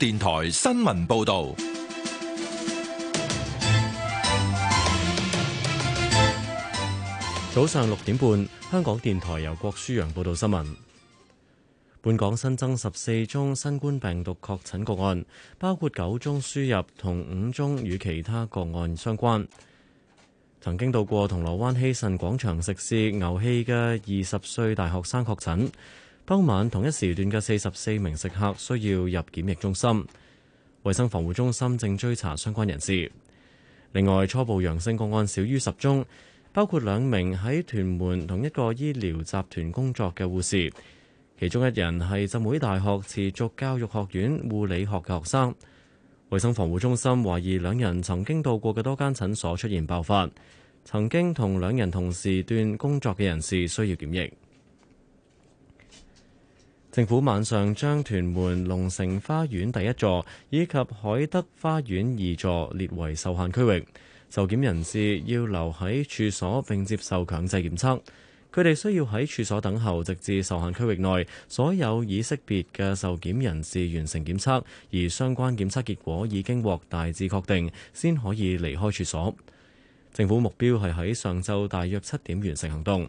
電台新聞報道。早上六點半，香港電台由郭舒揚報道新聞。本港新增十四宗新冠病毒確診個案，包括九宗輸入同五宗與其他個案相關。曾經到過銅鑼灣希慎廣場食肆牛氣嘅二十歲大學生確診。當晚同一時段嘅四十四名食客需要入檢疫中心，衛生防護中心正追查相關人士。另外，初步陽性個案少於十宗，包括兩名喺屯門同一個醫療集團工作嘅護士，其中一人係浸會大學持續教育學院護理學嘅學生。衛生防護中心懷疑兩人曾經到過嘅多間診所出現爆發，曾經同兩人同時段工作嘅人士需要檢疫。政府晚上將屯門龍城花園第一座以及海德花園二座列為受限區域，受檢人士要留喺處所並接受強制檢測。佢哋需要喺處所等候，直至受限區域內所有已識別嘅受檢人士完成檢測，而相關檢測結果已經獲大致確定，先可以離開處所。政府目標係喺上晝大約七點完成行動。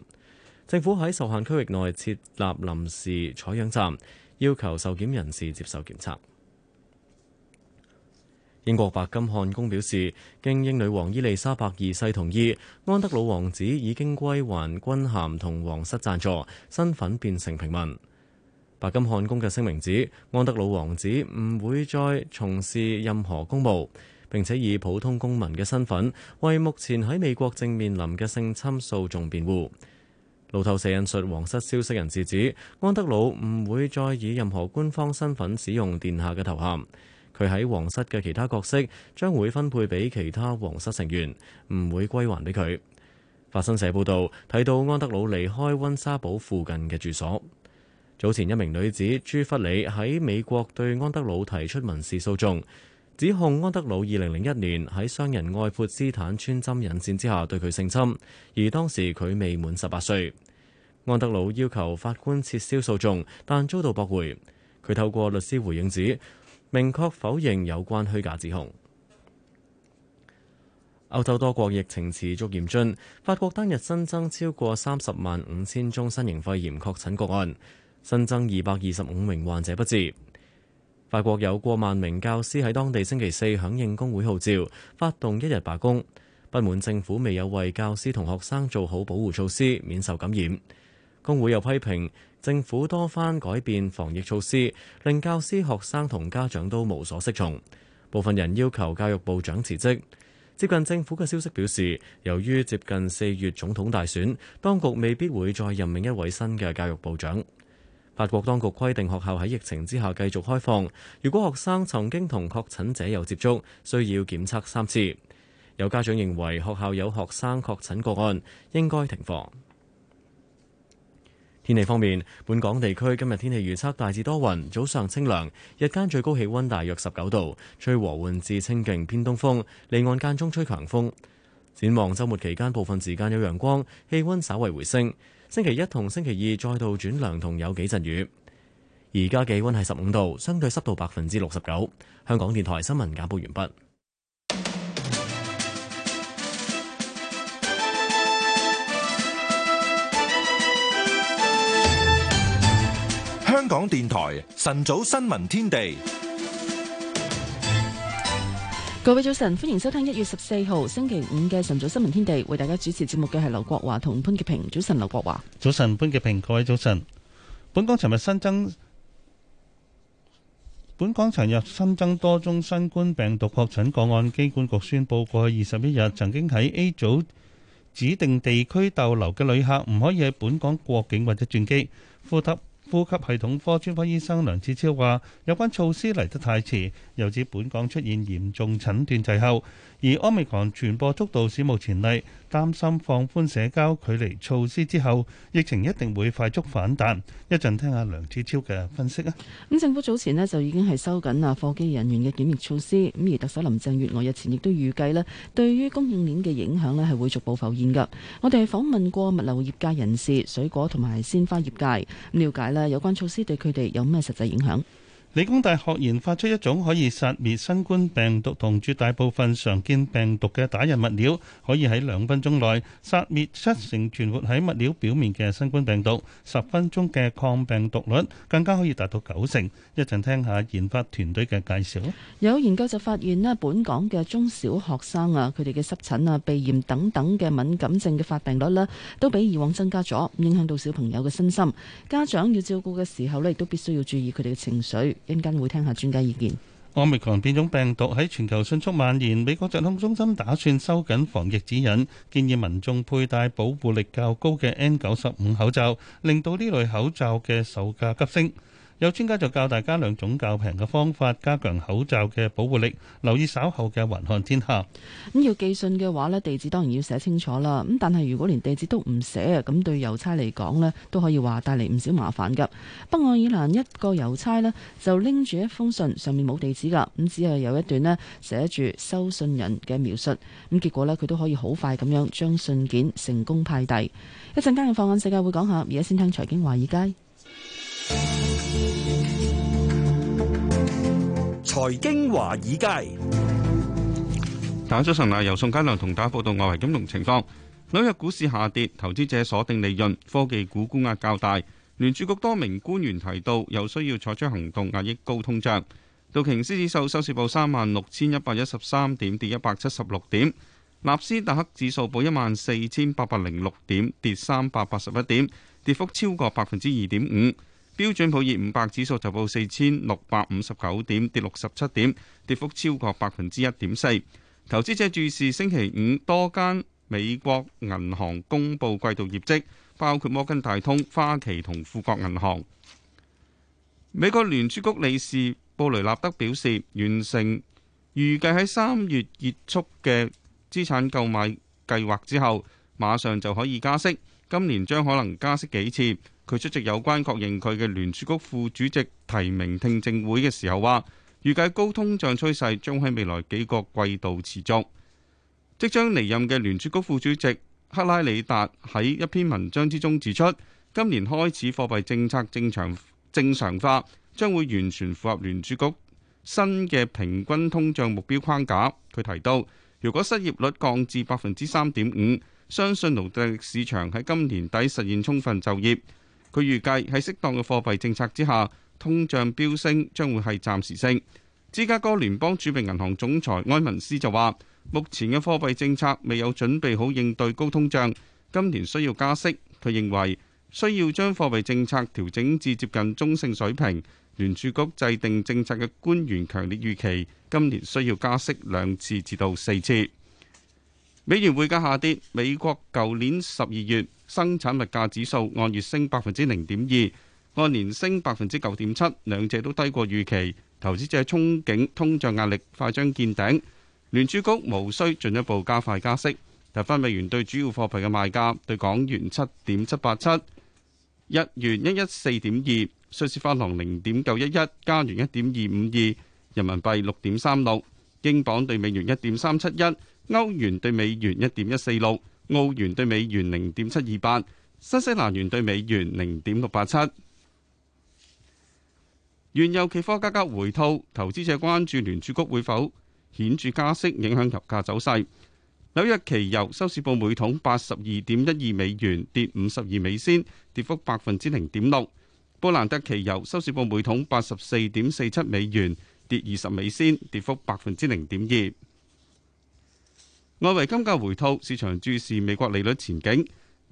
政府喺受限區域內設立臨時採樣站，要求受檢人士接受檢測。英國白金漢宮表示，經英女王伊麗莎白二世同意，安德魯王子已經歸還軍銜同皇室贊助，身份變成平民。白金漢宮嘅聲明指，安德魯王子唔會再從事任何公務，並且以普通公民嘅身份，為目前喺美國正面臨嘅性侵訴訟辯護。路透社引述皇室消息人士指，安德魯唔會再以任何官方身份使用殿下嘅頭銜，佢喺皇室嘅其他角色將會分配俾其他皇室成員，唔會歸還俾佢。法新社報道，睇到安德魯離開溫莎堡附近嘅住所。早前一名女子朱弗里喺美國對安德魯提出民事訴訟。指控安德魯二零零一年喺商人愛潑斯坦穿針引線之下對佢性侵，而當時佢未滿十八歲。安德魯要求法官撤銷訴訟，但遭到駁回。佢透過律師回應指，明確否認有關虛假指控。歐洲多國疫情持續嚴峻，法國當日新增超過三十萬五千宗新型肺炎確診個案，新增二百二十五名患者不治。法國有過萬名教師喺當地星期四響應工會號召，發動一日罷工，不滿政府未有為教師同學生做好保護措施，免受感染。工會又批評政府多番改變防疫措施，令教師、學生同家長都無所適從。部分人要求教育部長辭職。接近政府嘅消息表示，由於接近四月總統大選，當局未必會再任命一位新嘅教育部長。法國當局規定學校喺疫情之下繼續開放。如果學生曾經同確診者有接觸，需要檢測三次。有家長認為學校有學生確診個案，應該停課。天氣方面，本港地區今日天氣預測大致多雲，早上清涼，日間最高氣温大約十九度，吹和緩至清勁偏東風，離岸間中吹強風。展望周末期間，部分時間有陽光，氣温稍為回升。星期一同星期二再度轉涼，同有幾陣雨。而家氣溫係十五度，相對濕度百分之六十九。香港電台新聞簡報完畢。香港電台晨早新聞天地。各位早晨，歡迎收聽一月十四號星期五嘅晨早新聞天地。為大家主持節目嘅係劉國華同潘潔平。早晨，劉國華。早晨，潘潔平。各位早晨。本港尋日新增，本港尋日新增多宗新冠病毒確診個案。機管局宣布，過去二十一日曾經喺 A 組指定地區逗留嘅旅客，唔可以喺本港過境或者轉機。呼吸。呼吸系統科專科醫生梁志超話：有關措施嚟得太遲，又指本港出現嚴重診斷滯後，而 Omicron 傳播速度史無前例。擔心放寬社交距離措施之後，疫情一定會快速反彈。一陣聽下梁志超嘅分析啊！咁政府早前呢，就已經係收緊啊貨機人員嘅檢疫措施，咁而特首林鄭月娥日前亦都預計咧，對於供應鏈嘅影響咧係會逐步浮現噶。我哋訪問過物流業界人士、水果同埋鮮花業界，了解咧有關措施對佢哋有咩實際影響？理工大學研發出一種可以殺滅新冠病毒同絕大部分常見病毒嘅打印物料，可以喺兩分鐘內殺滅七成存活喺物料表面嘅新冠病毒，十分鐘嘅抗病毒率更加可以達到九成。一陣聽下研發團隊嘅介紹。有研究就發現呢，本港嘅中小學生啊，佢哋嘅濕疹啊、鼻炎等等嘅敏感症嘅發病率呢，都比以往增加咗，影響到小朋友嘅身心。家長要照顧嘅時候呢，亦都必須要注意佢哋嘅情緒。陣間會聽下專家意見。奧密克戎變種病毒喺全球迅速蔓延，美國疾控中心打算收緊防疫指引，建議民眾佩戴保護力較高嘅 N 九十五口罩，令到呢類口罩嘅售價急升。有專家就教大家兩種較平嘅方法加強口罩嘅保護力。留意稍後嘅《環看天下》。咁要寄信嘅話咧，地址當然要寫清楚啦。咁但係如果連地址都唔寫啊，咁對郵差嚟講咧都可以話帶嚟唔少麻煩㗎。北愛爾蘭一個郵差呢，就拎住一封信，上面冇地址㗎，咁只係有一段咧寫住收信人嘅描述咁。結果呢，佢都可以好快咁樣將信件成功派遞。一陣間嘅放眼世界會講下，而家先聽財經華爾街。財經華爾街打咗神喇，由宋嘉良同大家報道外圍金融情況。紐約股市下跌，投資者鎖定利潤，科技股沽壓較大。聯儲局多名官員提到，有需要採取行動壓抑高通脹。道瓊斯指數收市報三萬六千一百一十三點，跌一百七十六點，納斯達克指數報一萬四千八百零六點，跌三百八十一點，跌幅超過百分之二點五。標準普爾五百指數就報四千六百五十九點，跌六十七點，跌幅超過百分之一點四。投資者注視星期五多間美國銀行公布季度業績，包括摩根大通、花旗同富國銀行。美國聯儲局理事布雷納德表示，完成預計喺三月結束嘅資產購買計劃之後，馬上就可以加息，今年將可能加息幾次。佢出席有關確認佢嘅聯儲局副主席提名聽證會嘅時候，話預計高通脹趨勢將喺未來幾個季度持續。即將離任嘅聯儲局副主席克拉里達喺一篇文章之中指出，今年開始貨幣政策正常正常化將會完全符合聯儲局新嘅平均通脹目標框架。佢提到，如果失業率降至百分之三點五，相信勞動力市場喺今年底實現充分就業。佢預計喺適當嘅貨幣政策之下，通脹飆升將會係暫時性。芝加哥聯邦儲備銀行總裁埃文斯就話：目前嘅貨幣政策未有準備好應對高通脹，今年需要加息。佢認為需要將貨幣政策調整至接近中性水平。聯儲局制定政策嘅官員強烈預期，今年需要加息兩次至到四次。美元匯價下跌，美國舊年十二月。生產物價指數按月升百分之零點二，按年升百分之九點七，兩者都低過預期。投資者憧憬通脹壓力快將見頂，聯儲局無需進一步加快加息。睇返美元對主要貨幣嘅賣價：對港元七點七八七，日元一一四點二，瑞士法郎零點九一一，加元一點二五二，人民幣六點三六，英鎊對美元一點三七一，歐元對美元一點一四六。澳元兌美元零點七二八，新西蘭元兌美元零點六八七。原油期貨價格回吐，投資者關注聯儲局會否顯著加息影響油價走勢。紐約期油收市報每桶八十二點一二美元，跌五十二美仙，跌幅百分之零點六。布蘭特期油收市報每桶八十四點四七美元，跌二十美仙，跌幅百分之零點二。外圍金價回吐，市場注視美國利率前景。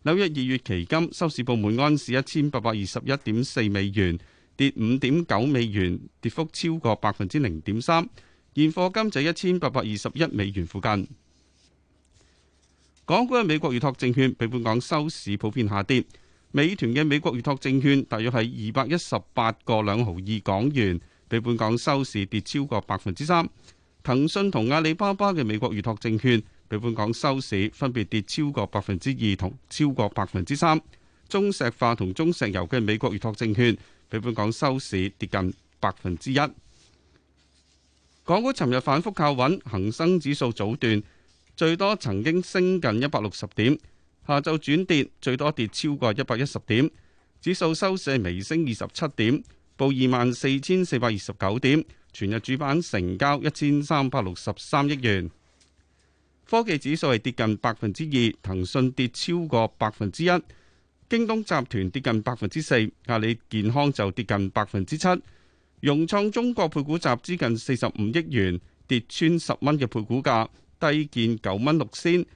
紐約二月期金收市報每安士一千八百二十一點四美元，跌五點九美元，跌幅超過百分之零點三。現貨金就一千八百二十一美元附近。港股嘅美國預託證券比本港收市普遍，普遍下跌。美團嘅美國預託證券大約係二百一十八個兩毫二港元，比本港收市跌超過百分之三。騰訊同阿里巴巴嘅美國預託證券比本港收市分別跌超過百分之二同超過百分之三，中石化同中石油嘅美國預託證券，比本港收市跌近百分之一。港股尋日反覆靠穩，恒生指數早段最多曾經升近一百六十點，下晝轉跌最多跌超過一百一十點，指數收市微升二十七點，報二萬四千四百二十九點，全日主板成交一千三百六十三億元。科技指數係跌近百分之二，騰訊跌超過百分之一，京東集團跌近百分之四，阿里健康就跌近百分之七，融創中國配股集資近四十五億元，跌穿十蚊嘅配股價，低見九蚊六仙，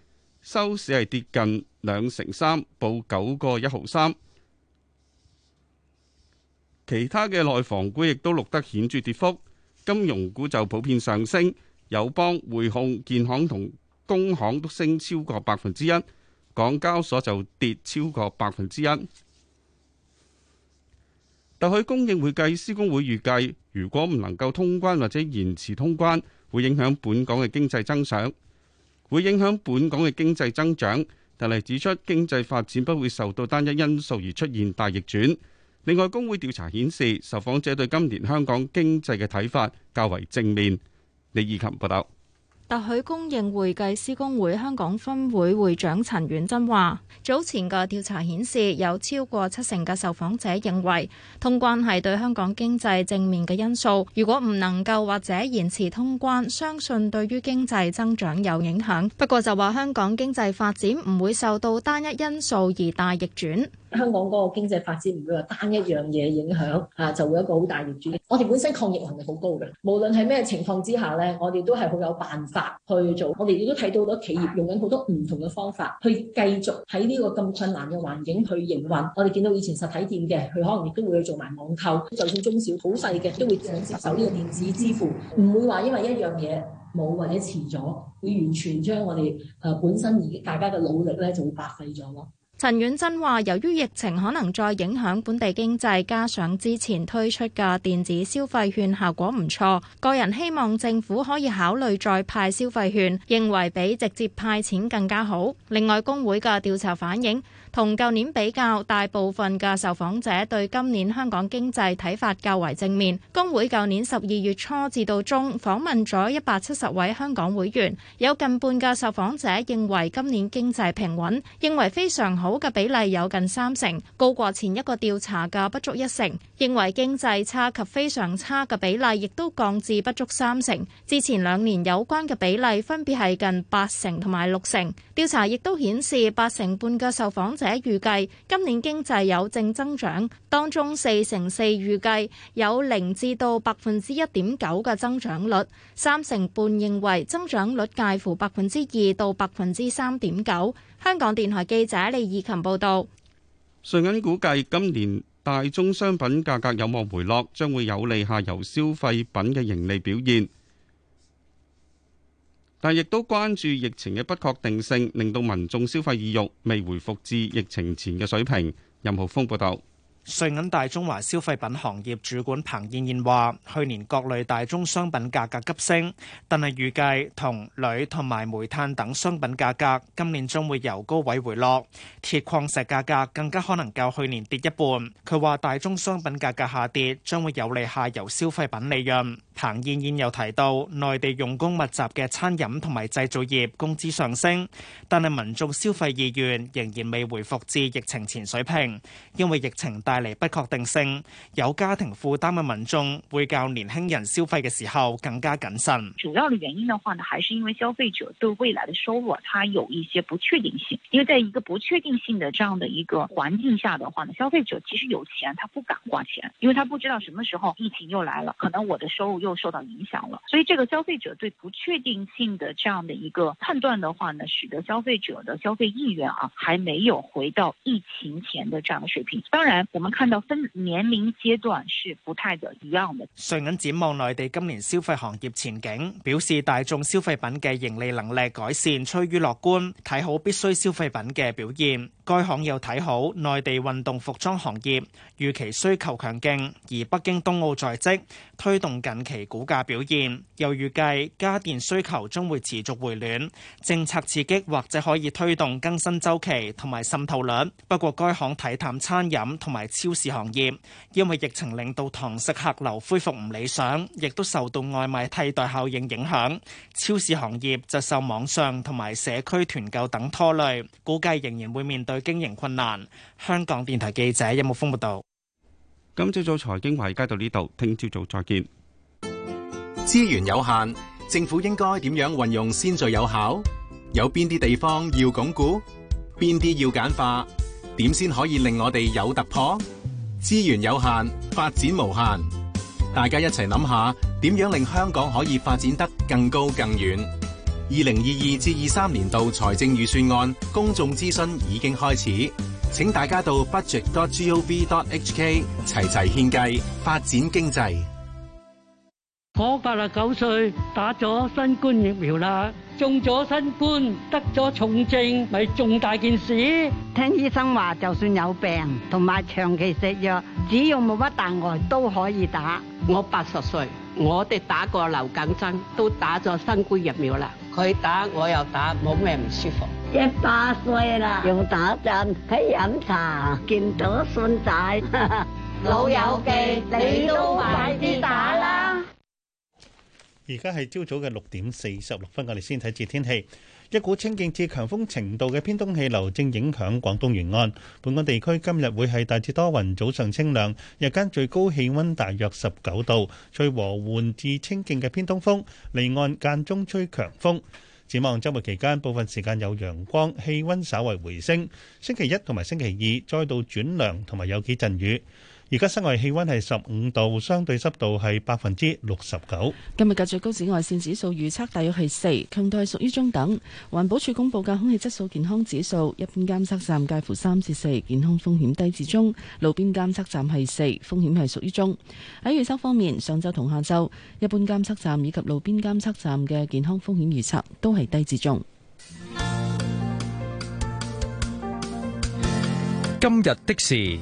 收市係跌近兩成三，報九個一毫三。其他嘅內房股亦都錄得顯著跌幅，金融股就普遍上升，友邦、匯控、建行同工行都升超過百分之一，港交所就跌超過百分之一。特許公認會計師公會預計，如果唔能夠通關或者延遲通關，會影響本港嘅經濟增長，會影響本港嘅經濟增長。但係指出，經濟發展不會受到單一因素而出現大逆轉。另外，工會調查顯示，受訪者對今年香港經濟嘅睇法較為正面。李以琴報道。特許公認會計師公會香港分會會長陳婉珍話：早前嘅調查顯示，有超過七成嘅受訪者認為通關係對香港經濟正面嘅因素。如果唔能夠或者延遲通關，相信對於經濟增長有影響。不過就話香港經濟發展唔會受到單一因素而大逆轉。香港嗰個經濟發展唔會話單一樣嘢影響嚇，就會有一個好大逆轉。我哋本身抗逆能力好高嘅，無論係咩情況之下咧，我哋都係好有辦法去做。我哋亦都睇到好多企業用緊好多唔同嘅方法，去繼續喺呢個咁困難嘅環境去營運。我哋見到以前實體店嘅，佢可能亦都會去做埋網購。就算中小好細嘅，都會想接受呢個電子支付，唔會話因為一樣嘢冇或者遲咗，會完全將我哋誒本身而家大家嘅努力咧，就會白費咗咯。陳婉珍話：由於疫情可能再影響本地經濟，加上之前推出嘅電子消費券效果唔錯，個人希望政府可以考慮再派消費券，認為比直接派錢更加好。另外，工會嘅調查反映，同舊年比較，大部分嘅受訪者對今年香港經濟睇法較為正面。工會舊年十二月初至到中訪問咗一百七十位香港會員，有近半嘅受訪者認為今年經濟平穩，認為非常好嘅比例有近三成，高過前一個調查嘅不足一成。認為經濟差及非常差嘅比例亦都降至不足三成，之前兩年有關嘅比例分別係近八成同埋六成。調查亦都顯示八成半嘅受訪者。且預計今年經濟有正增長，當中四成四預計有零至到百分之一點九嘅增長率，三成半認為增長率介乎百分之二到百分之三點九。香港電台記者李以琴報道。瑞銀估計今年大宗商品價格有望回落，將會有利下游消費品嘅盈利表現。但亦都關注疫情嘅不確定性，令到民眾消費意欲未回復至疫情前嘅水平。任浩峰報道。瑞銀大中華消費品行業主管彭燕燕話：去年各類大宗商品價格急升，但係預計銅鋁同埋煤炭等商品價格今年將會由高位回落。鐵礦石價格更加可能較去年跌一半。佢話大宗商品價格下跌將會有利下游消費品利潤。彭燕燕又提到，內地用工密集嘅餐飲同埋製造業工資上升，但係民眾消費意願仍然未回復至疫情前水平，因為疫情大，帶來不確定性，有家庭負擔嘅民眾會較年輕人消費嘅時候更加謹慎。主要的原因的話呢，還是因為消費者對未來的收入啊，他有一些不確定性。因為在一個不確定性的這樣的一個環境下的話呢，消費者其實有錢，他不敢花錢，因為他不知道什麼時候疫情又來了，可能我的收入又受到影響了。所以，這個消費者對不確定性的這樣的一個判斷的話呢，使得消費者的消費意願啊，還沒有回到疫情前的這樣的水平。當然，我。我們看到分年齡階段是不太的一樣的。瑞銀展望內地今年消費行業前景，表示大眾消費品嘅盈利能力改善趨於樂觀，睇好必需消費品嘅表現。該行又睇好內地運動服裝行業，預期需求強勁，而北京冬奧在即，推動近期股價表現。又預計家電需求將會持續回暖，政策刺激或者可以推動更新週期同埋滲透率。不過該行睇淡餐飲同埋超市行業因為疫情令到堂食客流恢復唔理想，亦都受到外賣替代效應影響。超市行業就受網上同埋社區團購等拖累，估計仍然會面對經營困難。香港電台記者任木峰報道。今朝早財經匯就到呢度，聽朝早再見。資源有限，政府應該點樣運用先最有效？有邊啲地方要鞏固？邊啲要簡化？點先可以令我哋有突破？資源有限，發展無限，大家一齊諗下，點樣令香港可以發展得更高更遠？二零二二至二三年度財政預算案，公眾諮詢已經開始，請大家到 budget.gov.hk 齊齊獻計，發展經濟。我八十九歲，打咗新冠疫苗啦，中咗新冠，得咗重症，咪重大件事。聽醫生話，就算有病同埋長期食藥，只要冇乜大礙都可以打。我八十歲，我哋打過流感針，都打咗新冠疫苗啦。佢打我又打，冇咩唔舒服。一百歲啦，用打針，喺飲茶見到信仔，老友記，你都快啲打啦。而家係朝早嘅六點四十六分，我哋先睇住天氣。一股清勁至強風程度嘅偏東氣流正影響廣東沿岸，本港地區今日會係大致多雲，早上清涼，日間最高氣溫大約十九度，吹和緩至清勁嘅偏東風，離岸間中吹強風。展望週末期間，部分時間有陽光，氣溫稍為回升。星期一同埋星期二再度轉涼，同埋有幾陣雨。而家室外氣溫係十五度，相對濕度係百分之六十九。今日嘅最高紫外線指數預測大約係四，強度係屬於中等。環保署公布嘅空氣質素健康指數，一般監測站介乎三至四，健康風險低至中；路邊監測站係四，風險係屬於中。喺預測方面，上晝同下晝，一般監測站以及路邊監測站嘅健康風險預測都係低至中。今日的時。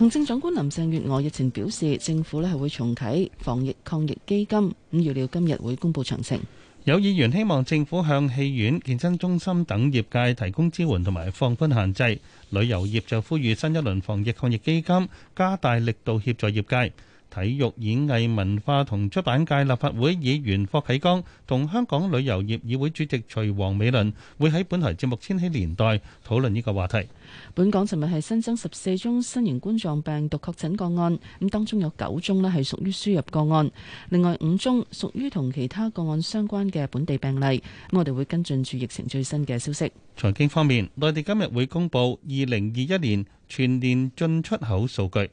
行政長官林鄭月娥日前表示，政府呢係會重啟防疫抗疫基金，咁預料今日會公布詳情。有議員希望政府向戲院、健身中心等業界提供支援同埋放寬限制，旅遊業就呼籲新一輪防疫抗疫基金加大力度協助業界。體育演藝文化同出版界立法會議員霍啟剛同香港旅遊業議會主席徐王美倫會喺本台節目《千禧年代》討論呢個話題。本港尋日係新增十四宗新型冠狀病毒確診個案，咁當中有九宗咧係屬於輸入個案，另外五宗屬於同其他個案相關嘅本地病例。咁我哋會跟進住疫情最新嘅消息。財經方面，內地今日會公布二零二一年全年進出口數據。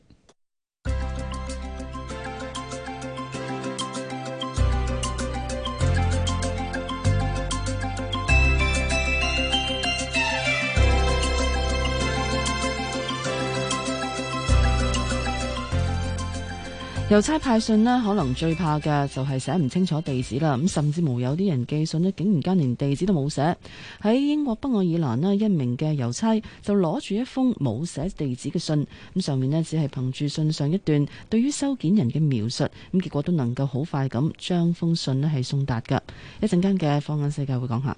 郵差派信咧，可能最怕嘅就係寫唔清楚地址啦。咁甚至乎有啲人寄信咧，竟然間連地址都冇寫。喺英國北愛爾蘭咧，一名嘅郵差就攞住一封冇寫地址嘅信，咁上面咧只係憑住信上一段對於收件人嘅描述，咁結果都能夠好快咁將封信咧係送達噶。一陣間嘅放眼世界會講下。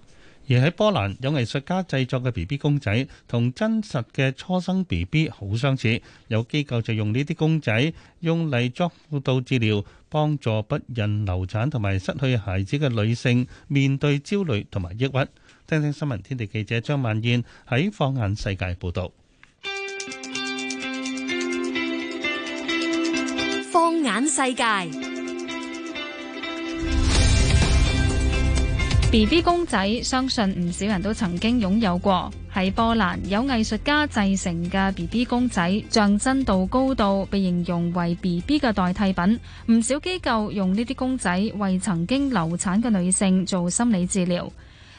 而喺波蘭，有藝術家製作嘅 BB 公仔同真實嘅初生 BB 好相似，有機構就用呢啲公仔用嚟作輔導治療，幫助不孕、流產同埋失去孩子嘅女性面對焦慮同埋抑鬱。聽聽新聞天地記者張曼燕喺放眼世界報道。放眼世界。B B 公仔相信唔少人都曾經擁有過，喺波蘭有藝術家製成嘅 B B 公仔，像真度高到被形容為 B B 嘅代替品。唔少機構用呢啲公仔為曾經流產嘅女性做心理治療。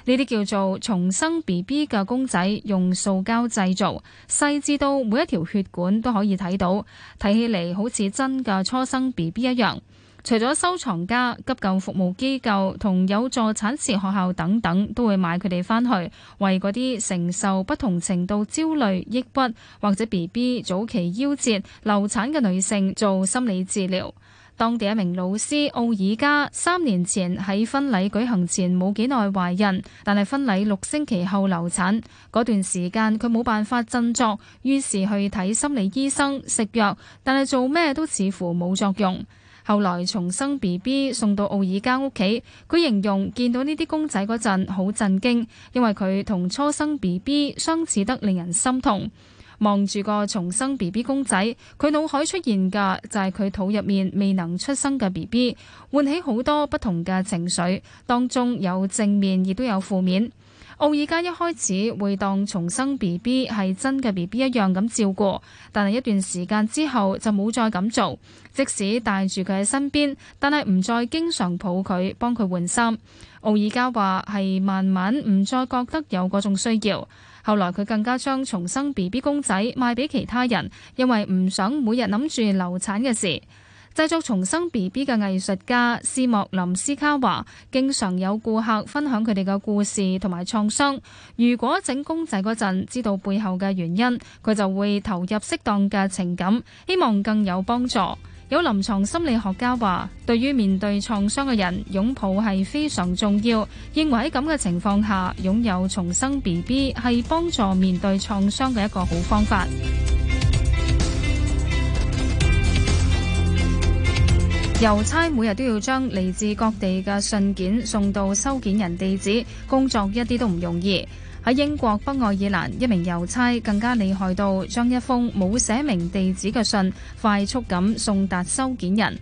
呢啲叫做重生 B B 嘅公仔，用塑膠製造，細緻到每一條血管都可以睇到，睇起嚟好似真嘅初生 B B 一樣。除咗收藏家、急救服務機構同有助產士學校等等，都會買佢哋翻去為嗰啲承受不同程度焦慮、抑鬱或者 BB 早期夭折、流產嘅女性做心理治療。當地一名老師奧爾加三年前喺婚禮舉行前冇幾耐懷孕，但係婚禮六星期後流產。嗰段時間佢冇辦法振作，於是去睇心理醫生，食藥，但係做咩都似乎冇作用。後來重生 B B 送到奧爾加屋企，佢形容見到呢啲公仔嗰陣好震驚，因為佢同初生 B B 相似得令人心痛。望住個重生 B B 公仔，佢腦海出現嘅就係佢肚入面未能出生嘅 B B，喚起好多不同嘅情緒，當中有正面亦都有負面。奧爾加一開始會當重生 B B 係真嘅 B B 一樣咁照顧，但係一段時間之後就冇再咁做。即使帶住佢喺身邊，但係唔再經常抱佢，幫佢換衫。奧爾加話係慢慢唔再覺得有嗰種需要。後來佢更加將重生 B B 公仔賣俾其他人，因為唔想每日諗住流產嘅事。製作重生 B B 嘅藝術家斯莫林斯卡話，經常有顧客分享佢哋嘅故事同埋創傷。如果整公仔嗰陣知道背後嘅原因，佢就會投入適當嘅情感，希望更有幫助。有臨牀心理學家話，對於面對創傷嘅人，擁抱係非常重要。認為喺咁嘅情況下，擁有重生 B B 係幫助面對創傷嘅一個好方法。郵差每日都要將嚟自各地嘅信件送到收件人地址，工作一啲都唔容易。喺英國北愛爾蘭，一名郵差更加厲害到將一封冇寫明地址嘅信快速噉送達收件人。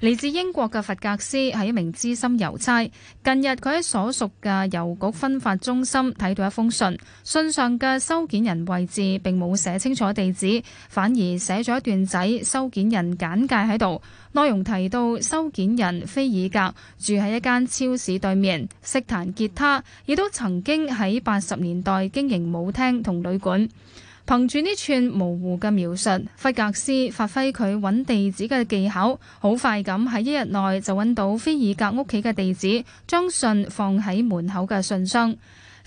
嚟自英國嘅弗格斯係一名資深郵差。近日佢喺所屬嘅郵局分發中心睇到一封信，信上嘅收件人位置並冇寫清楚地址，反而寫咗一段仔收件人簡介喺度。內容提到收件人菲爾格住喺一間超市對面，識彈吉他，亦都曾經喺八十年代經營舞廳同旅館。憑住呢串模糊嘅描述，弗格斯發揮佢揾地址嘅技巧，好快咁喺一日內就揾到菲爾格屋企嘅地址，將信放喺門口嘅信箱。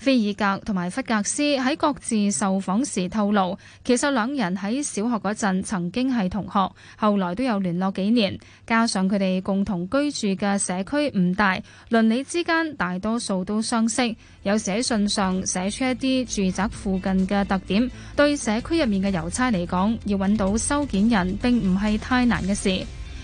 菲爾格同埋弗格斯喺各自受訪時透露，其實兩人喺小學嗰陣曾經係同學，後來都有聯絡幾年，加上佢哋共同居住嘅社區唔大，鄰里之間大多數都相識，有時喺信上寫出一啲住宅附近嘅特點，對社區入面嘅郵差嚟講，要揾到收件人並唔係太難嘅事。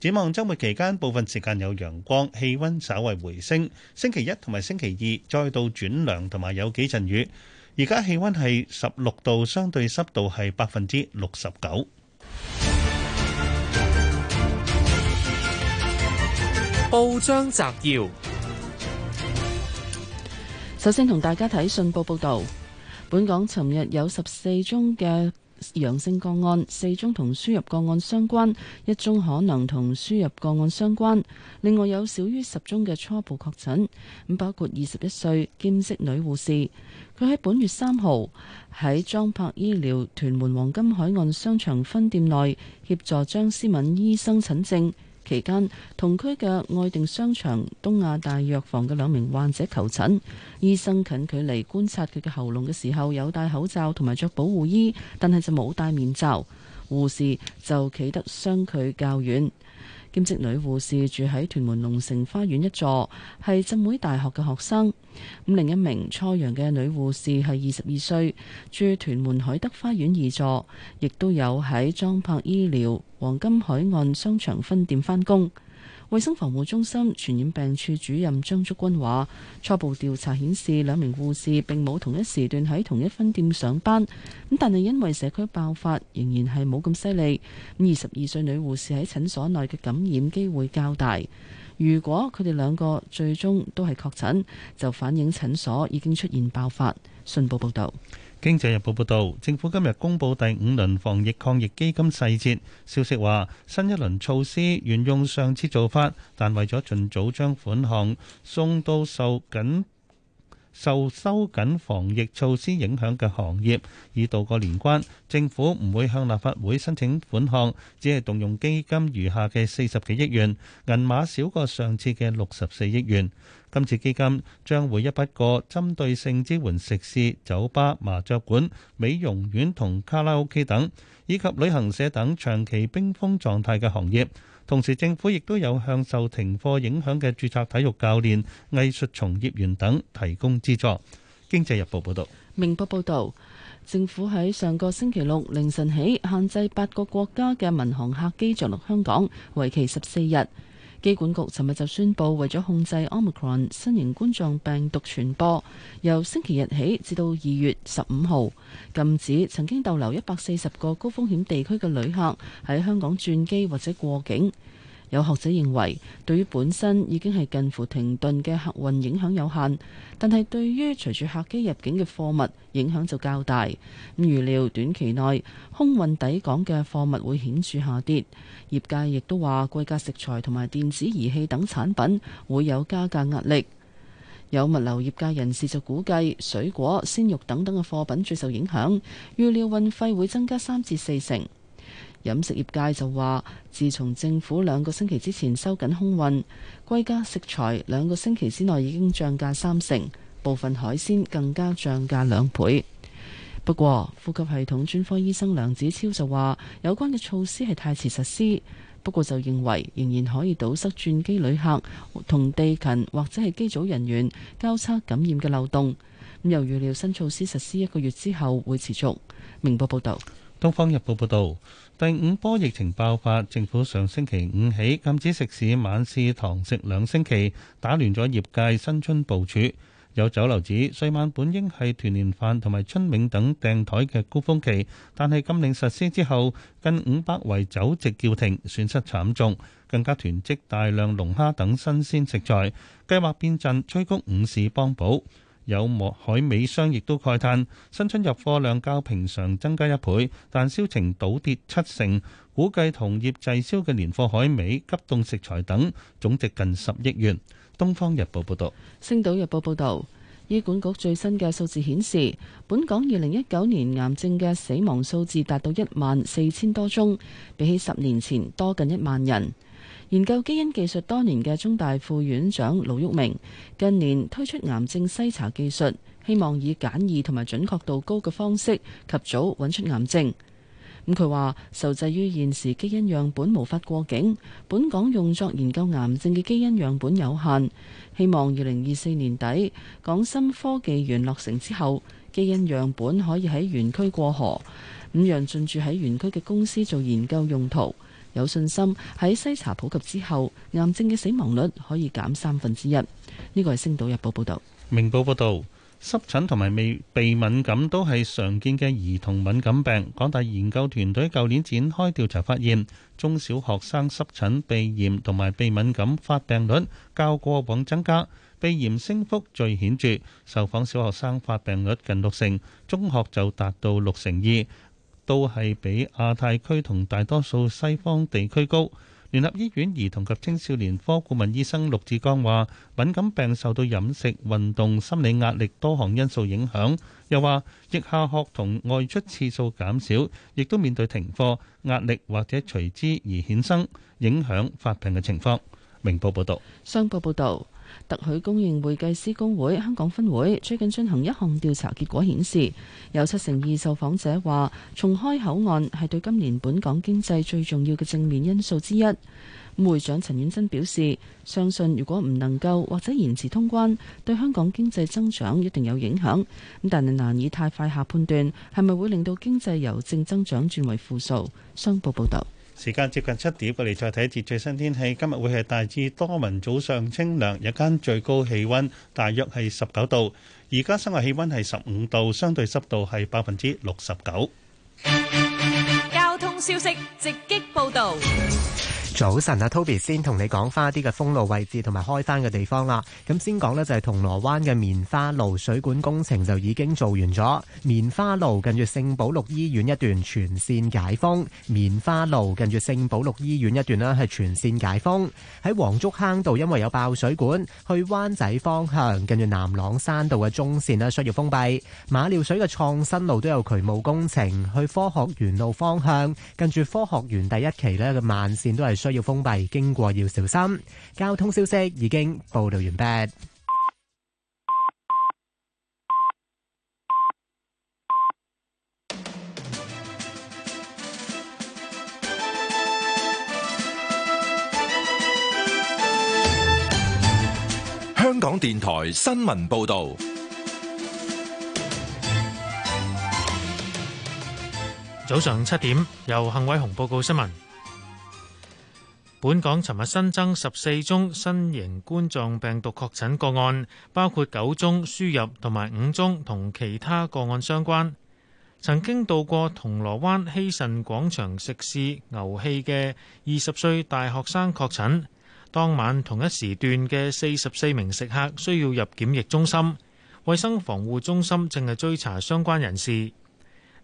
展望週末期間，部分時間有陽光，氣温稍為回升。星期一同埋星期二，再度轉涼同埋有幾陣雨。而家氣温係十六度，相對濕度係百分之六十九。報章摘要，首先同大家睇信報報道，本港尋日有十四宗嘅陽性個案，四宗同輸入個案相關，一宗可能同輸入個案相關，另外有少於十宗嘅初步確診，咁包括二十一歲兼職女護士，佢喺本月三號喺莊柏醫療屯門黃金海岸商場分店內協助張思敏醫生診症。期間，同區嘅愛定商場東亞大藥房嘅兩名患者求診，醫生近距離觀察佢嘅喉嚨嘅時候，有戴口罩同埋着保護衣，但係就冇戴面罩。護士就企得相距較遠。兼職女護士住喺屯門龍城花園一座，係浸會大學嘅學生。咁另一名初陽嘅女護士係二十二歲，住屯門海德花園二座，亦都有喺莊柏醫療黃金海岸商場分店返工。衛生防護中心傳染病處主任張竹君話：初步調查顯示，兩名護士並冇同一時段喺同一分店上班。咁但係因為社區爆發仍然係冇咁犀利，咁二十二歲女護士喺診所內嘅感染機會較大。如果佢哋兩個最終都係確診，就反映診所已經出現爆發。信報報道。經濟日報報導，政府今日公布第五輪防疫抗疫基金細節。消息話，新一輪措施沿用上次做法，但為咗盡早將款項送到受緊受收緊防疫措施影響嘅行業，已度過年關，政府唔會向立法會申請款項，只係動用基金餘下嘅四十幾億元，銀碼少過上次嘅六十四億元。今次基金將會一筆過，針對性支援食肆、酒吧、麻雀館、美容院同卡拉 OK 等，以及旅行社等長期冰封狀態嘅行業。同時，政府亦都有向受停課影響嘅註冊體育教練、藝術從業員等提供資助。經濟日報報道。明報報道，政府喺上個星期六凌晨起限制八個國家嘅民航客機降落香港，為期十四日。機管局尋日就宣布，為咗控制 Omicron 新型冠狀病毒傳播，由星期日起至到二月十五號，禁止曾經逗留一百四十個高風險地區嘅旅客喺香港轉機或者過境。有學者認為，對於本身已經係近乎停頓嘅客運影響有限，但係對於隨住客機入境嘅貨物影響就較大。咁預料短期內空運抵港嘅貨物會顯著下跌。業界亦都話貴價食材同埋電子儀器等產品會有加價壓力。有物流業界人士就估計，水果、鮮肉等等嘅貨品最受影響，預料運費會增加三至四成。飲食業界就話，自從政府兩個星期之前收緊空運、歸家食材，兩個星期之內已經漲價三成，部分海鮮更加漲價兩倍。不過，呼吸系統專科醫生梁子超就話，有關嘅措施係太遲實施，不過就認為仍然可以堵塞轉機旅客同地勤或者係機組人員交叉感染嘅漏洞。咁又預料新措施實施一個月之後會持續。明報報道。東方日報報道。第五波疫情爆發，政府上星期五起禁止食肆晚市堂食兩星期，打亂咗業界新春部署。有酒樓指，歲晚本應係團年飯同埋春茗等訂枱嘅高峰期，但係禁令實施之後，近五百圍酒席叫停，損失慘重，更加囤積大量龍蝦等新鮮食材，計劃變陣催谷午市幫補。有莫海美商亦都慨嘆，新春入貨量較平常增加一倍，但銷情倒跌七成，估計同業滯銷嘅年貨海味、急凍食材等總值近十億元。《東方日報》報道，《星島日報》報道，醫管局最新嘅數字顯示，本港二零一九年癌症嘅死亡數字達到一萬四千多宗，比起十年前多近一萬人。研究基因技術多年嘅中大副院長盧玉明，近年推出癌症篩查技術，希望以簡易同埋準確度高嘅方式及早揾出癌症。咁佢話受制於現時基因樣本無法過境，本港用作研究癌症嘅基因樣本有限。希望二零二四年底港深科技園落成之後，基因樣本可以喺園區過河，咁讓進駐喺園區嘅公司做研究用途。有信心喺篩查普及之後，癌症嘅死亡率可以減三分之一。呢個係星島日報報道。明報報道，濕疹同埋未鼻敏感都係常見嘅兒童敏感病。港大研究團隊舊年展開調查，發現中小學生濕疹、鼻炎同埋鼻敏感發病率較過往增加，鼻炎升幅最顯著。受訪小學生發病率近六成，中學就達到六成二。都係比亞太區同大多數西方地區高。聯合醫院兒童及青少年科顧問醫生陸志剛話，敏感病受到飲食、運動、心理壓力多項因素影響。又話，疫下學同外出次數減少，亦都面對停課壓力或者隨之而衍生影響發病嘅情況。明報報導，商報報導。特許公認會計師公會香港分會最近進行一項調查，結果顯示有七成二受訪者話重開口岸係對今年本港經濟最重要嘅正面因素之一。咁會長陳婉珍表示，相信如果唔能夠或者延遲通關，對香港經濟增長一定有影響。但係難以太快下判斷係咪會令到經濟由正增長轉為負數。商報報道。時間接近七點，過嚟再睇一節最新天氣。今日會係大致多雲，早上清涼，日間最高氣温大約係十九度。而家室外氣温係十五度，相對濕度係百分之六十九。交通消息直擊報導。早晨啊，Toby 先同你講翻一啲嘅封路位置同埋開翻嘅地方啦。咁先講咧就係銅鑼灣嘅棉花路水管工程就已經做完咗。棉花路近住聖保祿醫院一段全線解封。棉花路近住聖保祿醫院一段咧係全線解封。喺黃竹坑道因為有爆水管，去灣仔方向近住南朗山道嘅中線咧需要封閉。馬料水嘅創新路都有渠務工程，去科學園路方向近住科學園第一期咧嘅慢線都係需要封閉，經過要小心。交通消息已經報導完畢。香港電台新聞報導，早上七點由幸偉雄報告新聞。本港尋日新增十四宗新型冠狀病毒確診個案，包括九宗輸入同埋五宗同其他個案相關。曾經到過銅鑼灣希慎廣場食肆牛氣嘅二十歲大學生確診，當晚同一時段嘅四十四名食客需要入檢疫中心。衛生防護中心正係追查相關人士。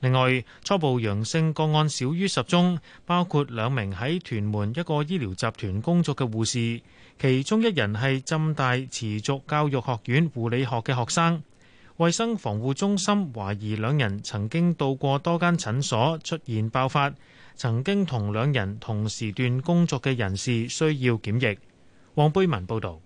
另外，初步陽性個案少於十宗，包括兩名喺屯門一個醫療集團工作嘅護士，其中一人係浸大持續教育學院護理學嘅學生。衛生防護中心懷疑兩人曾經到過多間診所，出現爆發。曾經同兩人同時段工作嘅人士需要檢疫。黃貝文報導。